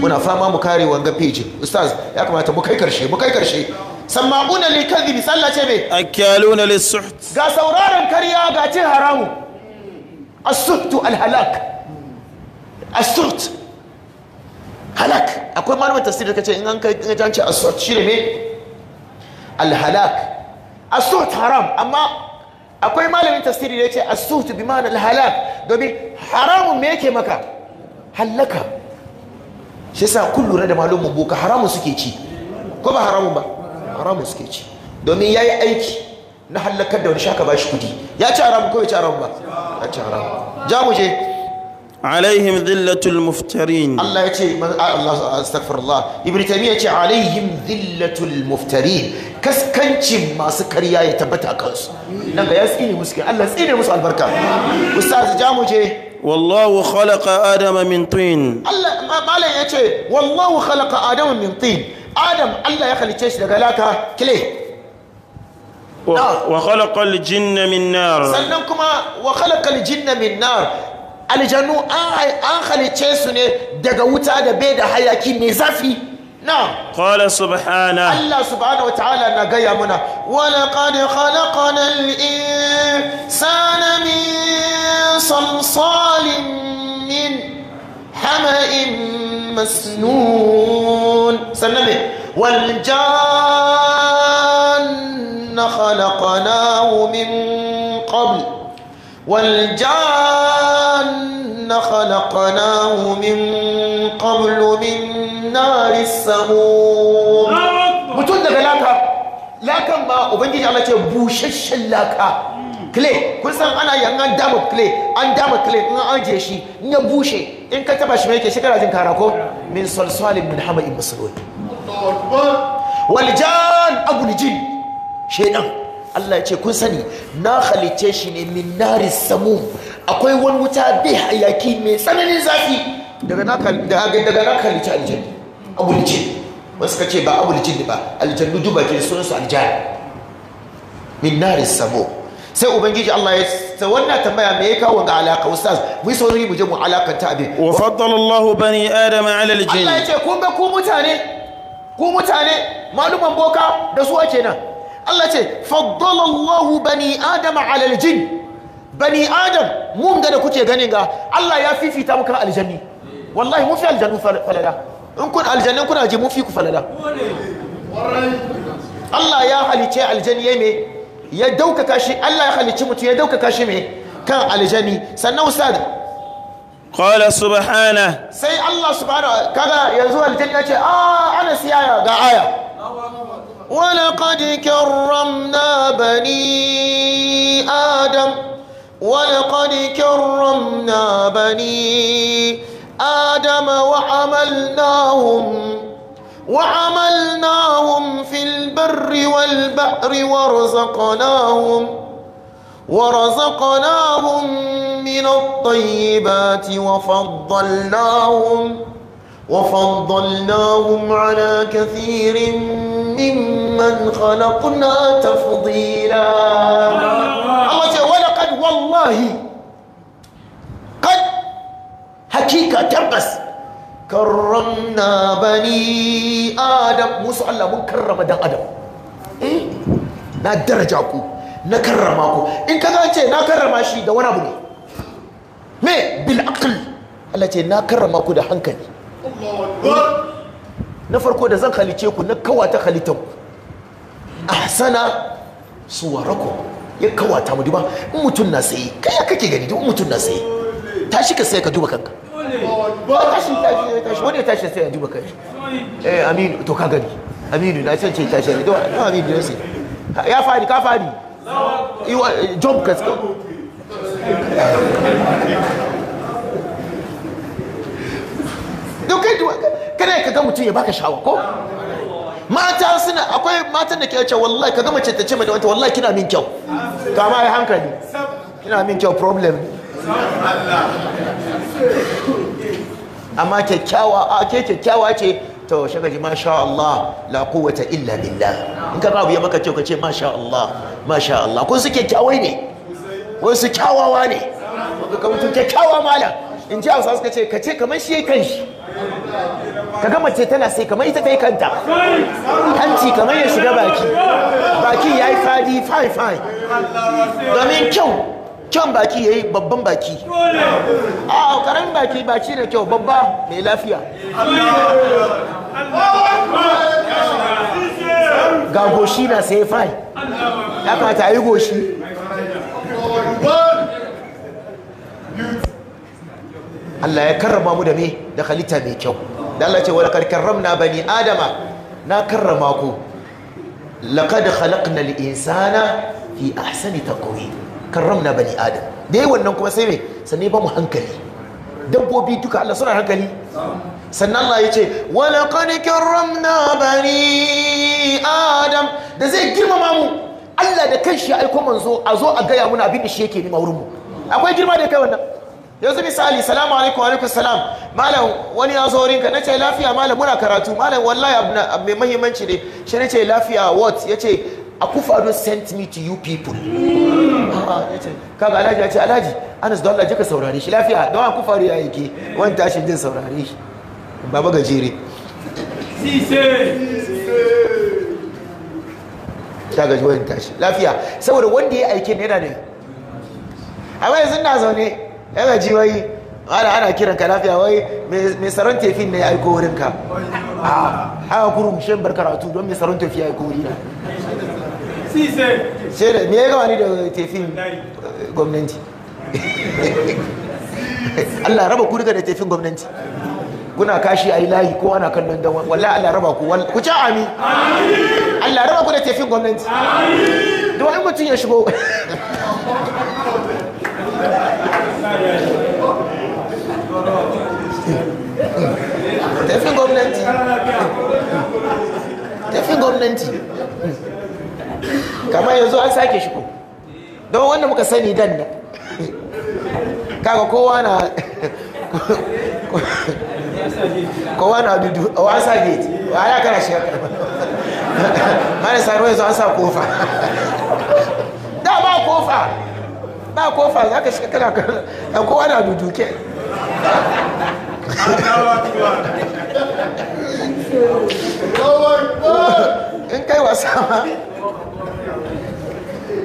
muna fama mu kare wanga page ustaz ya kamata mu kai karshe mu kai karshe sama'una lil kadhibi sallah ce me akaluna li suht ga sauraron kariya ga cin haramu as-suht al halak as-suht halak akwai malamin tafsir da kace in an kai an ce as-suht shine me al halak as-suht haram amma akwai malamin tafsiri da ya ce asuhtu bi ma'anar halak domin haramun me yake maka hallaka shi yasa kun lura da malamin boka haramun suke ci ko ba haramun ba haramun suke ci domin ya yi aiki na hallakar da wani shaka ba shi kudi ya ci haramun ko ya ci haramun ba ya ci haramun ja mu je alaihim zillatul muftarin Allah ya ce Allah astaghfirullah ibnu taymiya ya ce alaihim zillatul muftarin kaskancin masu karya ya tabbata kansu nan ga ya tsine musu Allah tsine musu albarka ustaz ja mu je والله خلق آدم من طين الله ما لا يجي والله خلق آدم من طين adam allah ya halice shi daga laka clay wa khalaqal jinna min nar sannan kuma wa khalaqal jinna min nar aljannu an halice su ne daga wuta da bai da hayaki mai zafi na qala subhana Allah subhanahu wa ta'ala na gaya muna wa laqad khalaqnal insana min salsalin min hama'in مسنون سنمي والجان خلقناه من قبل والجان خلقناه من قبل من نار السموم متون daga laka lakan ba ubangiji Allah ce bushashshen laka clay kun san ana yan an dama clay an dama clay in an je shi in ya bushe in ka taba shi mai ke shekara jin karako ko min salsalin min hamain masrud waljan jan abul jin shedan Allah ya ce kun sani na halice shi ne min naris samum akwai wani wuta bai hayaki mai tsananin zafi daga na halice aljanna abul jin wasu ka ce ba abul jin ba aljannu duba ke su min naris samum sai ubangiji Allah ya ta wannan tambaya me ya kawo ga alaka ustaz mu sauri mu je mu alakanta abin wa faddala Allah bani adam ala jinn Allah ya ce kun ga ku mutane ku mutane maluman boka da su ake nan Allah ya ce faddala Allah bani adam ala jinn bani adam mun ga da kuke ganin ga Allah ya fifita muka aljanni wallahi mu fi aljannu falala in kun aljannin kuna je mu fi ku falala Allah ya halice aljanni yayi me ya daukaka shi Allah ya halicci mutu ya daukaka shi mai kan aljani sannan ustad qala subhana sai Allah subhana kaga yanzu aljani ya ce ah ana siyaya ga aya ولقد كرمنا بني آدم ولقد كرمنا بني آدم وحملناهم وعملناهم في البر والبحر ورزقناهم ورزقناهم من الطيبات وفضلناهم وفضلناهم على كثير ممن خلقنا تفضيلا الله ولقد والله قد حقيقة تبس karramna bani adam musu Allah mun karrama dan adam eh, na daraja ku na karrama ku in ka ga ce na karrama shi da wani abu ne me bil aql Allah ce na karrama ku da hankali na farko da zan halice ku na kawata halittar ku ahsana suwarakum ya kawata mu duba in mutum na tsaye kai kake gani duk mutum na tsaye tashi ka sai ka duba kanka tashin tashi ya tashi sai ya duba kai eh aminu to ka gani aminu na san ce tashi ne to aminu sai ya fadi ka fadi job ka dokai kana ka ga mutum ya baka shawa ko mata suna akwai matan da ke ce wallahi ka ga mace ta ce mai da wallahi kina min kyau to amma ai hankali kina min kyau problem ne amma kyakkyawa a ke kyakkyawa ce to washe gaji masha Allah la kowata illa billah in ka abu ya maka kyau ka ce masha Allah masha Allah kun su kyakkyawai ne wasu kyawawa ne ka mutum kyakkyawa malam in ji hausa suka ce ka ce kamar shi kan shi ka gama ce tana sai kamar ita ta yi kanta hanci kamar ya shiga baki baki ya yi fadi fine fine domin kyau kyan baki yayi babban baki a karamin baki baki da kyau babba mai lafiya ga goshi na sai fai ya kata yi goshi Allah ya karrama mu da me da halitta mai kyau da Allah ce wala bani adama na karrama ku laqad khalaqna al-insana fi ahsani taqwim karramna bani adam da yi wannan kuma sai me sanne ba mu hankali dabbobi duka Allah suna hankali sannan Allah ya ce karram karramna bani adam da zai girmama mu Allah da kanshi ya aiko manzo a zo a gaya muna abin da shi yake wurin wurinmu akwai girma da kai wannan yanzu misali salamu alaikum alaikum salam malam wani ya zo wurinka na ce lafiya malam muna karatu malam wallahi abu mai mahimmanci ne shi na ce lafiya what ya ce akufado sent me to you people kaga alhaji ya ce alhaji anas don Allah je ka saurare shi lafiya don akufado ya yake wani tashin jin saurare shi baba gajere kaga shi wani tashi lafiya saboda wanda ya aike ne yana ne amma yanzu na zaune ya ji wai ana ana kiran ka lafiya wai mai tsaron tefin ne ya aiko wurinka a ah, haka kurum shan barkaratu don mai tsaron tefi ya aiko wurina shaida me ya gama ni da tefin eh, gwamnati Allah raba ku daga da tefin gwamnati kuna kashi a ilahi ko ana kallon dan wallahi Allah raba ku ku ci ami Allah raba ku da tefin gwamnati da wani mutum ya shigo tefin gwamnati tefin gwamnati kamar yanzu an sake shi ko don wanda muka sani dan nan kaga kowa na kowa na dudu oh, a wasa gate a ya kana shiga karfa mana sa yanzu an sa kofa da ba kofa ba kofa za ka shiga kana kan kowa na dudu ke in kai wasa ma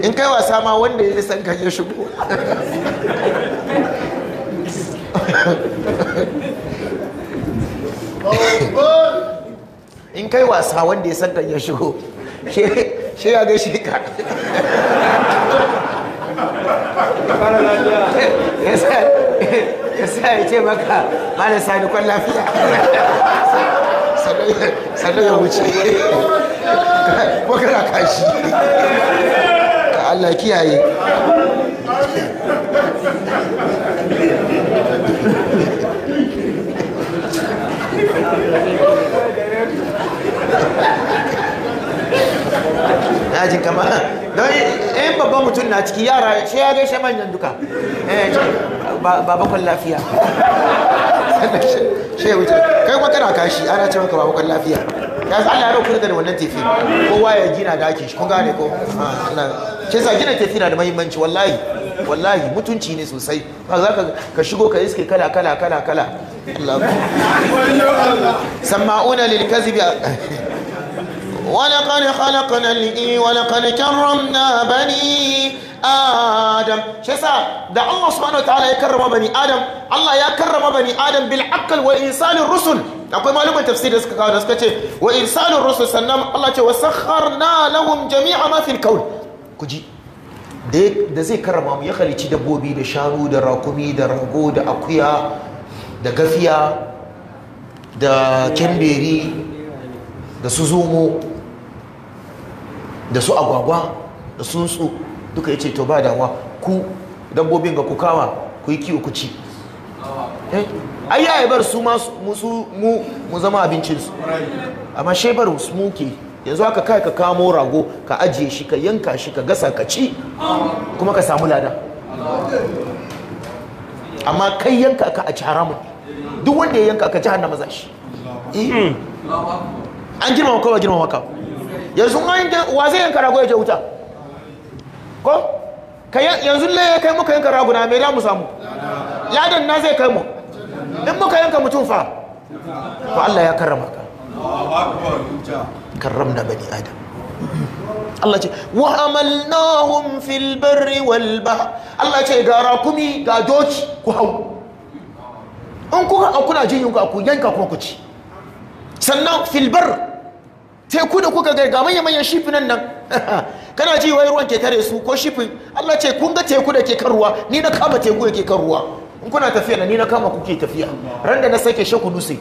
in kai wasa ma wanda ya san kan ya shigo in kai wasa wanda ya san kan ya shigo shi ya ga shi ka ya sa ya ce maka mana sani kwan lafiya sannan ya wuce kwa kashi Allah kiyaye yajin kama don in babban mutum na ciki yara shi ya gaishe manyan duka eh, babakon lafiya shi ya wuce kai kuma kana kashi ana ce maka babakon lafiya ya san Allah ya rauku daga wannan tefi kowa ya gina dakin shi kun gane ko ke ah, sa gina tefi na da muhimmanci wallahi wallahi mutunci ne sosai za ka shigo ka iske kala kala kala kala sama'una lil kadhibi ولقد خلقنا da ولقد كرمنا بني آدم شسا دع الله سبحانه وتعالى يكرم بني آدم الله يكرم بني آدم بالعقل وإنسان الرسل akwai malumin tafsir da suka kawo da suka ce wa irsalur rusul sannan Allah ce wa sakharna lahum jami'a ma fil kawn ku ji da zai karama mu ya halici dabbobi da shanu da rakumi da rago da akuya da gafiya da kyanberi da su zomo da su agwagwa da tsuntsu duka ya ce to ba damuwa ku dabbobin ga ku kama ku yi kiwo ku ci eh? ai ya bar su ma mu mu zama abincin su amma shebar mu ke yanzu haka kai ka kamo rago ka ajiye shi ka yanka shi ka gasa ka ci kuma ka samu lada amma kai yanka ka a ci haramun duk wanda ya yanka ka ci hannama za shi eh. an girmama kawai girma ka yanzu wa zai yanka rago ya je wuta ko yanzu ne ya kai muka yanka rago na mai da mu samu ladan na zai kai mu in muka yanka mutum fa to Allah ya karrama ka karramna bani adam Allah ce wa amalnahum fil barri wal bahr Allah ce ga rakumi ga doki ku hau in kuka kuna jin yunka ku yanka kuma ku ci sannan fil barr teku da kuka ga manya-manyan shifin nan kana ji wai ruwan ke tare su ko shifin Allah ce kun ga teku da ke karuwa ni na kama teku da ke karuwa in kuna tafiya na ni na kama kuke tafiya ran da na sake shaku dutse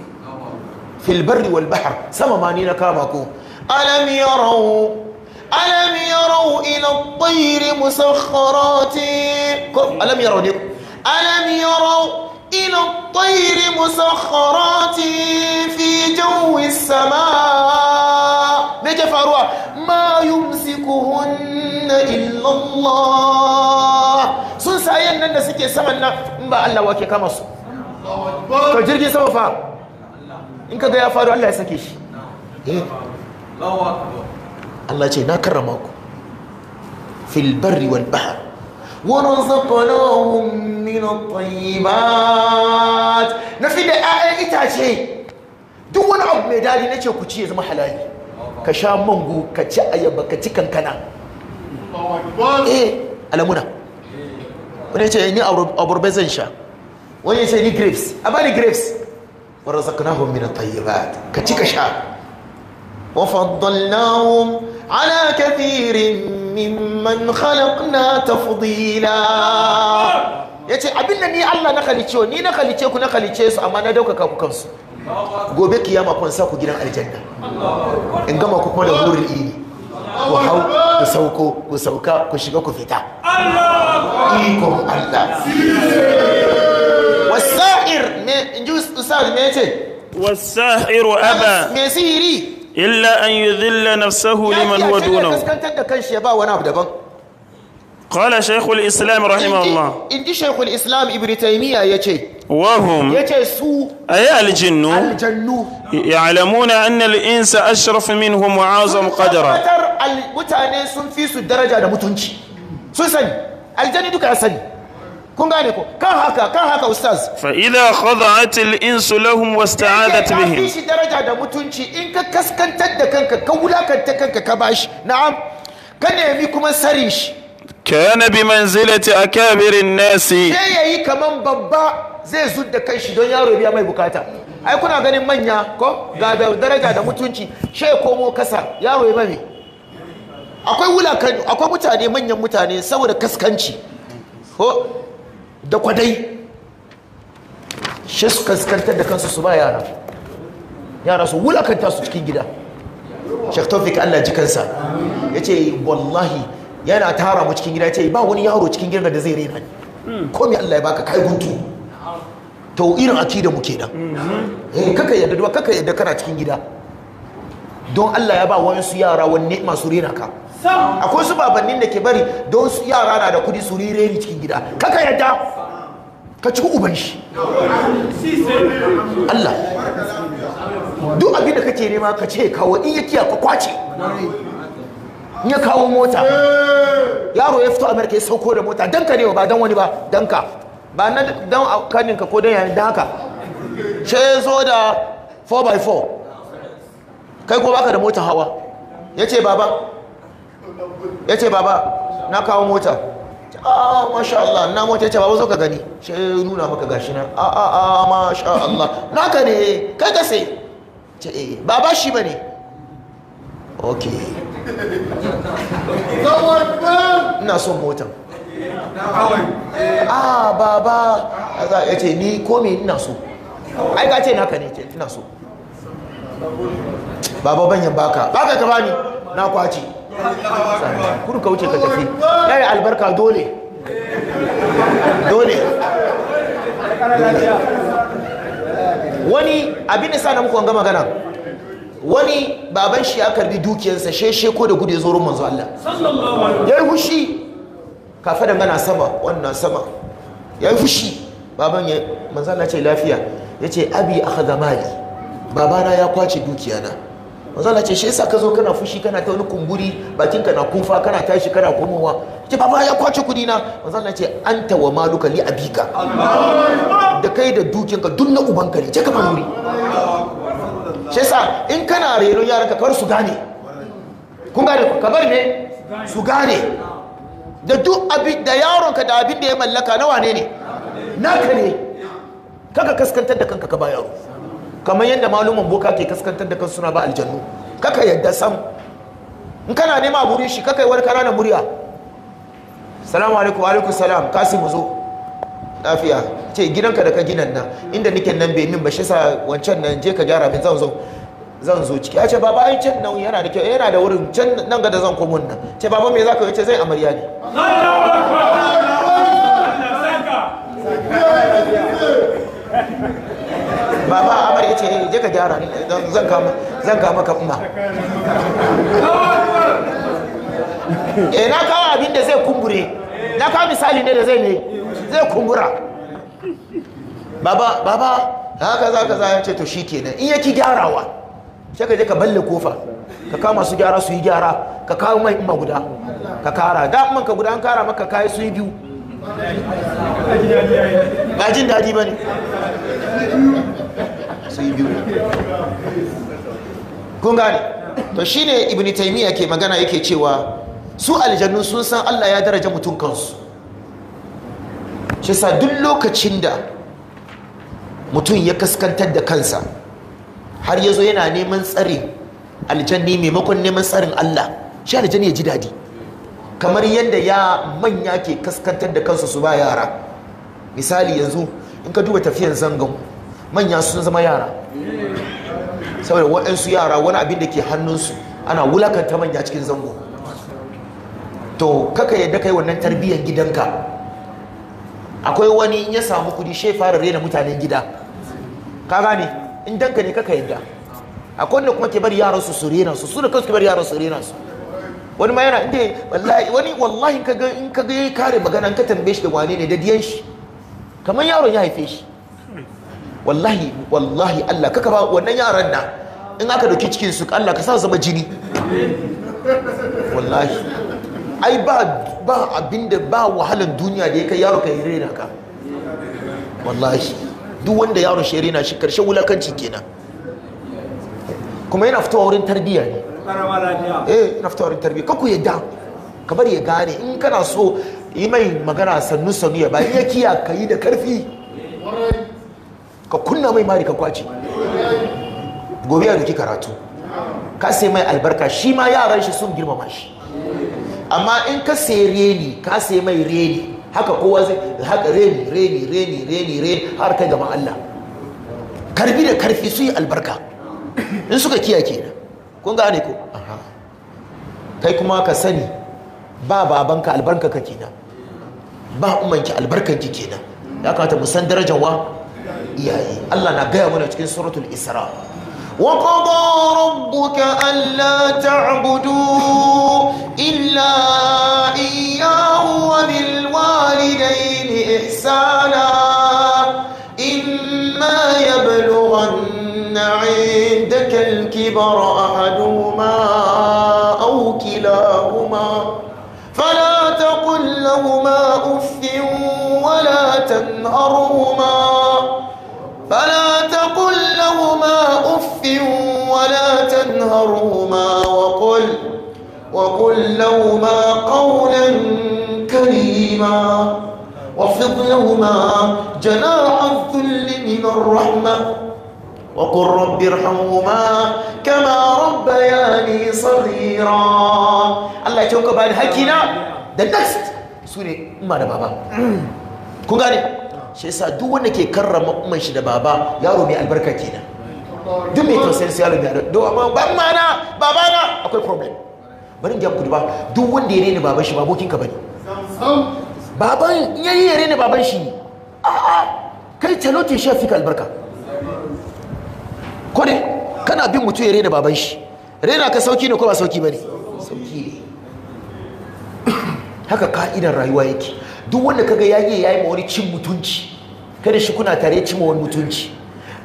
fil barri wal bahr sama ma ni na kama ku alam yarau alam yarau ila at-tayr musakhkharatin alam yarau ne alam yarau إلى الطير مسخرات في جو السماء yake faruwa ma yumsikuhunna illa sun sayan nan da suke saman nan in ba Allah wake kama su to jirgin sama fa in kaga ya faru Allah ya sake shi eh. Allah ce na karrama ku fil barri wal bahr ورزقناهم من na نفي da 'ya'yan itace duk wani abu mai dadi nace ku ci ya zama halali ka sha mango ka ci ayaba ka ci kankana eh alamuna wani ce eh, ni aburbe zan sha wani ce ni grapes a bani grapes wa zaka na at-tayyibat ka ci ka sha wa faddalnahum ala kathirin mimman khalaqna tafdila yace abin da ni Allah na khalice ni na khalice ku na khalice su amma na daukaka ku kansu gobe kiyama kun sa ku gidan aljanna in gama ku kuma da hurin ini ku hau ku sauko ku sauka ku shiga ku fita ikon Allah wasa'ir ne in ji usa'ir ne ce wasa'ir wa aba me sihiri illa an yi yudhilla nafsahu liman huwa dunahu ya kaskantar da kanshi ya ba wani abu daban قال شيخ الإسلام رحمه الله إن شيخ الإسلام ابن تيمية يجي wahum yace su ay aljannu aljannu ya'lamuna anna al-insa ashraf minhum wa azam qadra mutane sun fi su daraja da mutunci sun sani aljanni duka ya sani kun kan haka kan haka ustaz fa shi daraja da mutunci in ka kaskantar da kanka ka wulakanta kanka ka bashi na'am ka nemi kuma sari shi kana bi manzilati akabirin nasi sai yayi kaman babba zai zudda kan shi don yaro biya mai bukata ai kuna ganin manya ko ga da daraja da mutunci she komo kasa yaro ya bane akwai wulakan akwai mutane manyan mutane saboda kaskanci ko da kwadai she su kaskantar da kansu su ba yara yara su wulakanta su cikin gida shek tofik Allah ji kansa yace wallahi yana tara mu cikin gida yace ba wani yaro cikin gida da zai rena ni hmm. ko me Allah ya baka kai guntu to irin akida mu kenan eh, da kaka yadda duwa kaka yadda kana cikin gida don Allah ya ba wani su yara wani masu rena ka akwai su babannin da ke bari don su yara na da kudi su rere ni cikin gida kaka yadda ka ci uban shi Allah duk abin da kake nema ka ce kawo in ya kiya ka kwace ya kawo mota yaro ya fito amerika ya sauko da mota danka ne ba dan wani ba danka ba na don kanin ko kodon yayin da haka shi ya zo da 4x4 kai ko baka da motar hawa ya ce baba ya ce baba na kawo mota a ah, masha Allah na mota ya ce baba zo ka gani shi ya nuna maka gashi nan a ah, a ah, a masha Allah ka ne kai ka sai ce eh baba shi ba ne ok ina son motar a ah, baba za ya ce ni ko me ina so ai ka ce naka ne ce ina so baba banyan yan baka baka ka bani na kwace kudu ka wuce ka tafi yayi albarka dole dole wani abin da sa na muku wanga magana wani baban shi ya karbi dukiyarsa sheshe ko da gudu ya zo rumun zuwa Allah ya yi hushi da gana sama wannan sama ya yi fushi baban ya manzan ce lafiya ya ce abi a haza mali babana ya kwace dukiya na manzan ce shi yasa ka zo kana fushi kana ta wani kumburi bakinka na kufa kana tashi kana komowa ce baba ya kwace kudi na manzan ce an tawa maluka li abika da kai da ka duk na ka ne je ka manuri shi yasa in kana renon yaran kar su gane kun gane ka bar ne su gane da duk abin da yaronka da abin da ya mallaka na wane ne naka ne kaka kaskantar da kanka ka ba yaro kamar yadda malumin boka ke kaskantar da kansu suna ba aljannu kaka yadda sam in kana nema a burin shi kaka yi wani kananan murya salamu alaikum alaikum salam kasi mu zo lafiya ce gidanka da ka ginan nan inda nake nan bai min ba shi sa wancan nan je ka gyara min zan zo zan zo ciki ya ce baba ai can nan yana da kyau yana da wurin can nan ga da zan komo nan ce baba me zaka yi ce zai amarya ne baba amar ya ce eh, je ka gyara zan kama zan kama ka kuma. eh na kawo abin da zai kumbure na kawo misali ne da zai ne zai kumbura baba baba haka za ka za ya ce to shi kenan in yake gyarawa sai ka je ka balle kofa ka kawo masu gyara su yi gyara ka kawo mai ma guda ka kara da man ka guda an kara maka kayi su yi biyu ba jin daji ba ne su yi biyu kun gane to ne ibn taimiyya ke magana yake cewa su aljannu sun san Allah ya daraja mutum kansu shi sa duk lokacin da mutum ya kaskantar da kansa har ya zo yana neman tsarin aljanni maimakon neman tsarin Allah shi aljanni ya ji daɗi kamar yadda ya manya ke kaskantar da kansu su ba yara misali yanzu in ka duba tafiyan zangon manya sun zama yara saboda waɗansu yara wani abin da ke hannunsu ana wulakanta manya cikin zango to kaka yadda kai wannan tarbiyyar gidanka akwai wani in ya samu kudi shai fara rena mutanen gida ka gane in danka ne kaka yadda a wanda kuma ke bari yaran su su rena su su kansu ke bari yaran su rena su wani ma yana inda wallahi wani wallahi in kaga in kaga yayi kare magana in ka tambaye shi da wane ne da diyan shi kamar yaron ya haife shi wallahi wallahi Allah kaka ba wannan yaran na in aka dauki cikin su Allah ka sa zama jini wallahi ai ba ba abinda ba wahalan duniya da ya kai yaro ka rena ka wallahi duk wanda yaron shi rena shi karshen wulakanci kenan kuma yana fitowa wurin tarbiyya ne eh yana fitowa wurin tarbiyya kaku ya da kamar ya gane in kana so yi mai magana sannu sannu ya bayan ya kiya ka yi da karfi ka kunna mai mari ka kwace gobe ya duki karatu ka sai mai albarka shi ma yaran shi sun girmama shi amma in ka sai reni ka sai mai reni haka kowa zai haka reni reni reni reni reni har kai gaban Allah karfi da karfi su yi albarka in suka kiya kenan kun gane ko kai kuma ka sani ba babanka albarka ka kenan ba umanki albarkan ki kenan ya kamata mu san darajar wa iyaye Allah na gaya mana cikin suratul isra وقضى ربك ألا تعبدوا إلا إياه وبالوالدين إحسانا إما يبلغن عندك الكبر أحدهما أو كلاهما فلا تقل لهما أف ولا تنهرهما فلا تقل أف ولا تنهرهما وقل وقل لهما قولا كريما واخفض لهما جناح الذل من الرحمة وقل رب ارحمهما كما ربياني صغيرا الله يتوقع بعد حكينا the next su ne umma da baba kun gane shi yasa duk wanda ke karrama umman shi da baba yaro mai albarka kenan duk mai tausayin siyar da do amma ban mana babana akwai problem bari ga ku ba duk wanda ya rena baban shi babokin ka bane baban yayi ya rena baban shi a a kai talote shi fika albarka ko ne kana bin mutum ya rena baban shi rena ka sauki ne ko ba sauki bane sauki ne haka ka'idar rayuwa yake duk wanda kaga yayi yayi ma wani cin mutunci kada shi kuna tare cin wani mutunci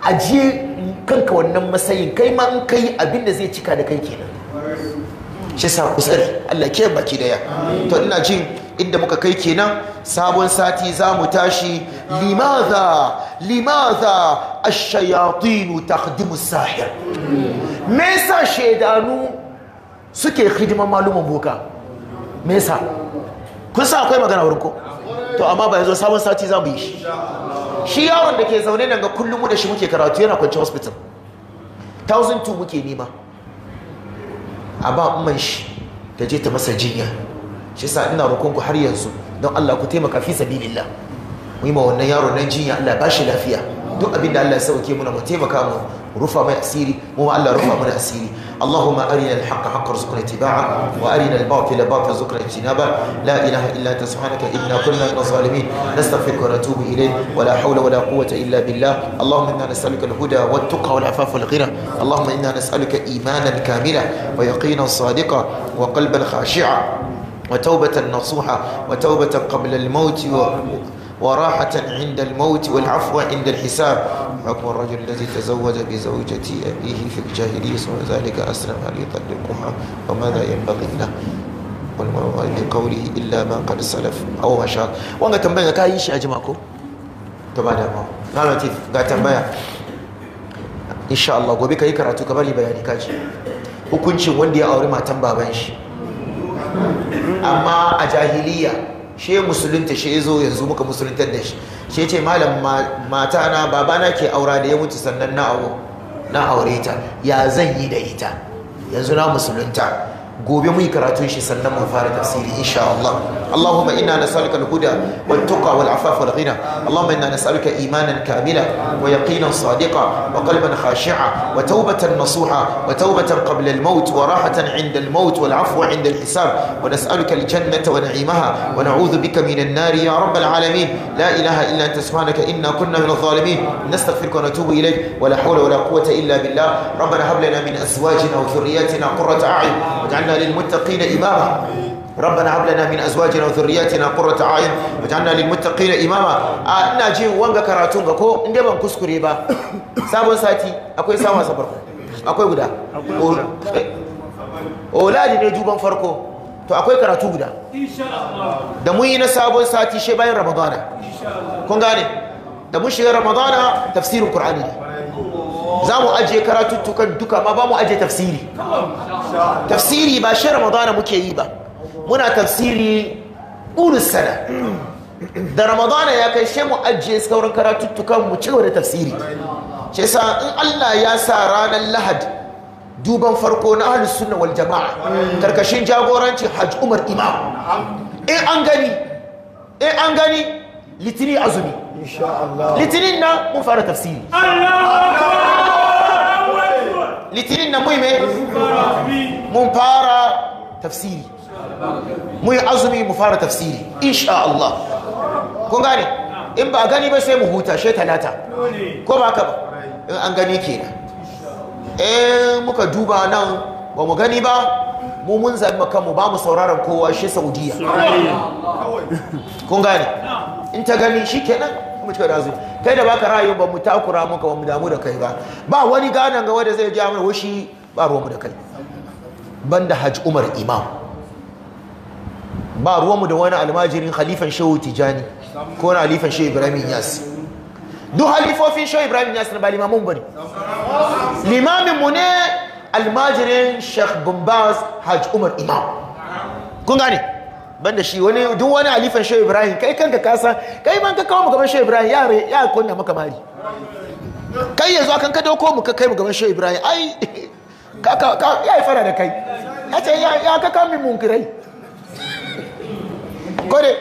aje kanka wannan matsayin kai ma in kai abin da zai cika da kai kenan shi sa ku tsare Allah ke baki daya to ina jin inda muka kai kenan sabon sati za mu tashi limaza limaza ash-shayatin takhdimu sahir me yasa shedanu suke hidiman malumin boka me yasa kun sa akwai magana wurin ko to amma ba yanzu sabon sati za mu yi shi yaron da ke zaune nan ga kullum da shi muke karatu yana kwanci hospital 1002 muke nema a ba umman shi ta je ta masa jinya shi sa ina rukunku har yanzu don Allah ku taimaka fi sabilillah mu yi ma wannan yaron nan jinya Allah ba shi lafiya duk abin da Allah ya sauke muna mu taimaka mu rufa mai asiri mu ma Allah rufa mana asiri اللهم أرنا الحق حق رزقنا اتباعه وأرنا الباطل باطل رزقنا اجتنابه لا إله إلا أنت سبحانك إنا كنا من الظالمين نستغفرك ونتوب إليه ولا حول ولا قوة إلا بالله اللهم إنا نسألك الهدى والتقى والعفاف والغنى اللهم إنا نسألك إيمانا كاملا ويقينا صادقا وقلبا خاشعا وتوبة نصوحة وتوبة قبل الموت و... وراحة عند الموت والعفو عند الحساب حكم الرجل الذي تزوج بزوجة أبيه في الجاهلية وذلك أسلم هل يطلقها وماذا ينبغي له والمرء قوله إلا ما قد سلف أو ما شاء وأنا تنبيه كاي شيء يا جماعة تبعنا ما نعم لطيف قاعد تنبيه إن شاء الله gobe kai karatu ka bari bayani kaji hukuncin wanda ya aure matan baban shi amma a jahiliya she musulunta she zo yanzu muka musuluntar da shi she ce malam mata na babana ke aura da ya mutu sannan na aure ta ya zan yi da ita yanzu na musulunta gobe mu yi karatun shi sannan mu fara tafsiri insha Allah اللهم إنا نسألك الهدى والتقى والعفاف والغنى اللهم إنا نسألك إيمانا كاملا ويقينا صادقا وقلبا خاشعا وتوبة نصوحا وتوبة قبل الموت وراحة عند الموت والعفو عند الحساب ونسألك الجنة ونعيمها ونعوذ بك من النار يا رب العالمين لا إله إلا أنت سبحانك إنا كنا من الظالمين نستغفرك ونتوب إليك ولا حول ولا قوة إلا بالله ربنا هب لنا من أزواجنا وذرياتنا قرة أعين واجعلنا للمتقين إماما rabbana hab lana min azwajina wa dhurriyyatina qurrata a'yun waj'alna lil muttaqina imama a ina ji wanga karatun ga ko inda ban kuskure ba sabon sati akwai sawa sa farko akwai guda oladi ne duban farko to akwai karatu guda da mun yi na sabon sati she bayan ramadana kun gane da mun shiga ramadana tafsirin qur'ani ne za mu ajiye karatuttukan duka ma ba mu ajiye tafsiri tafsiri ba shi ramadana muke yi ba muna tafsiri ƙurus da ramadana ya kai shemu ajiye sauran karatuttukan mu cewa da tafsiri shi yasa in Allah ya sa ranar lahad duban farko na ahlus suna wal jama'a karkashin jagoranci hajj umar imam in an gani in an gani litini azumi litinin na mun fara tafsiri litinin na mu mun fara tafsiri mu yi azumi mu fara tafsiri insha Allah kun gane in ba gani ba sai mu huta shi talata ko ba ka ba in an gani kenan eh muka duba nan ba mu gani ba mu mun zabi kanmu ba mu sauraron kowa shi saudiya kun gane in ta gani shi ke nan mu cika da azumi kai da baka rayu ba mu takura muka ba mu damu da kai ba ba wani ganan ga wanda zai ja mana shi ba ruwa mu da kai banda hajj umar imam ba ruwanmu da wani almajirin halifan shehu tijani ko na halifan shehu ibrahim yas duk halifofin shehu ibrahim yas na ba limamin bari limamin mu ne almajirin sheikh bumbaz hajj umar imam kun gane banda shi wani duk wani halifan shehu ibrahim kai kanka kasa kai man ka kawo mu gaban shehu ibrahim ya kunna maka mari kai yanzu akan ka dauko mu ka kai mu gaban shehu ibrahim ai ka ka ya fara da kai ya ce ya ka mu munkirai gode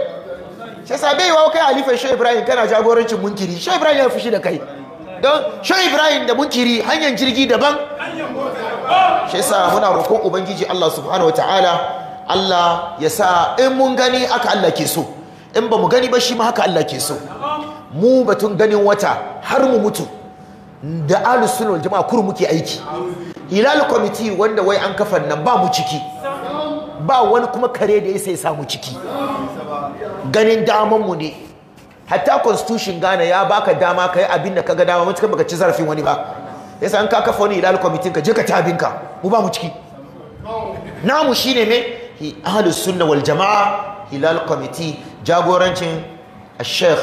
shi sa yi wa kai halifan shi ibrahim kana jagorancin munkiri shi ibrahim ya fushi da kai don shi ibrahim da munkiri hanyar jirgi daban shi sa muna rukun ubangiji allah subhanahu Ta'ala. allah ya sa in mun gani aka allah ke so in ba mu gani ba shi ma haka allah ke so mu batun ganin wata har mu mutu da alusunan jama'a kuru muke aiki ilal kwamiti wanda wai an kafa nan ba mu ciki ba wani kuma kare da ya sai samu ciki ganin damanmu ne hatta constitution Ghana ya baka dama ka yi abin da ka ga dama mutukan baka ci zarafin wani ba Ya an ka kafa wani ilal kwamitin ka je ka ci abinka mu ba mu ciki namu shi ne me ahlus sunna wal jamaa hilal kwamiti jagorancin a sheikh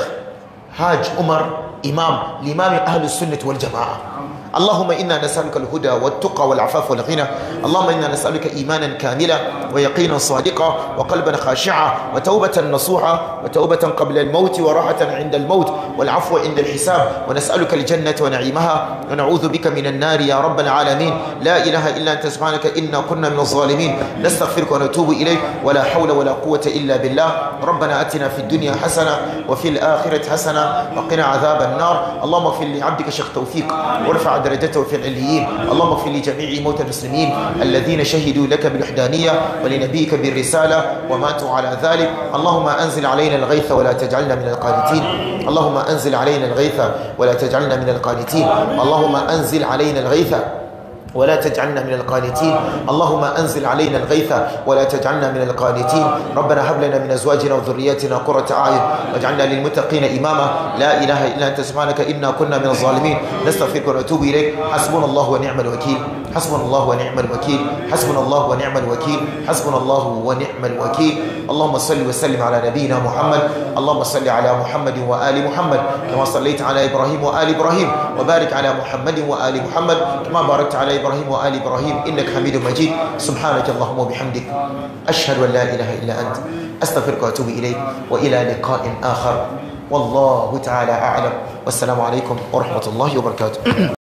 hajj umar imam limamin ahlus sunnah wal jamaa اللهم إنا نسألك الهدى والتقى والعفاف والغنى اللهم إنا نسألك إيمانا كاملا ويقينا صادقا وقلبا خاشعا وتوبة نصوحا وتوبة قبل الموت وراحة عند الموت والعفو عند الحساب ونسألك الجنة ونعيمها ونعوذ بك من النار يا رب العالمين لا إله إلا أنت سبحانك إنا كنا من الظالمين نستغفرك ونتوب إليك ولا حول ولا قوة إلا بالله ربنا أتنا في الدنيا حسنة وفي الآخرة حسنة وقنا عذاب النار اللهم اغفر لعبدك شيخ توفيق وارفع درجته في العليين اللهم اغفر لجميع موتى المسلمين الذين شهدوا لك بالوحدانية ولنبيك بالرسالة وماتوا على ذلك اللهم أنزل علينا الغيث ولا تجعلنا من القانتين اللهم أنزل علينا الغيث ولا تجعلنا من القانتين اللهم أنزل علينا الغيث ولا تجعلنا من القانتين اللهم أنزل علينا الغيث ولا تجعلنا من القانتين ربنا هب لنا من أزواجنا وذرياتنا قرة أعين واجعلنا للمتقين إماما لا إله إلا أنت سبحانك إنا كنا من الظالمين نستغفرك ونتوب إليك حسبنا الله ونعم الوكيل حسبنا الله ونعم الوكيل حسبنا الله ونعم الوكيل حسبنا الله ونعم الوكيل اللهم صل وسلم على نبينا محمد اللهم صل على محمد وآل محمد كما صليت على إبراهيم وآل إبراهيم وبارك على محمد وآل محمد كما باركت على إبراهيم وآل إبراهيم إنك حميد مجيد سبحانك اللهم وبحمدك أشهد أن لا إله إلا أنت أستغفرك وأتوب إليك وإلى لقاء آخر والله تعالى أعلم والسلام عليكم ورحمة الله وبركاته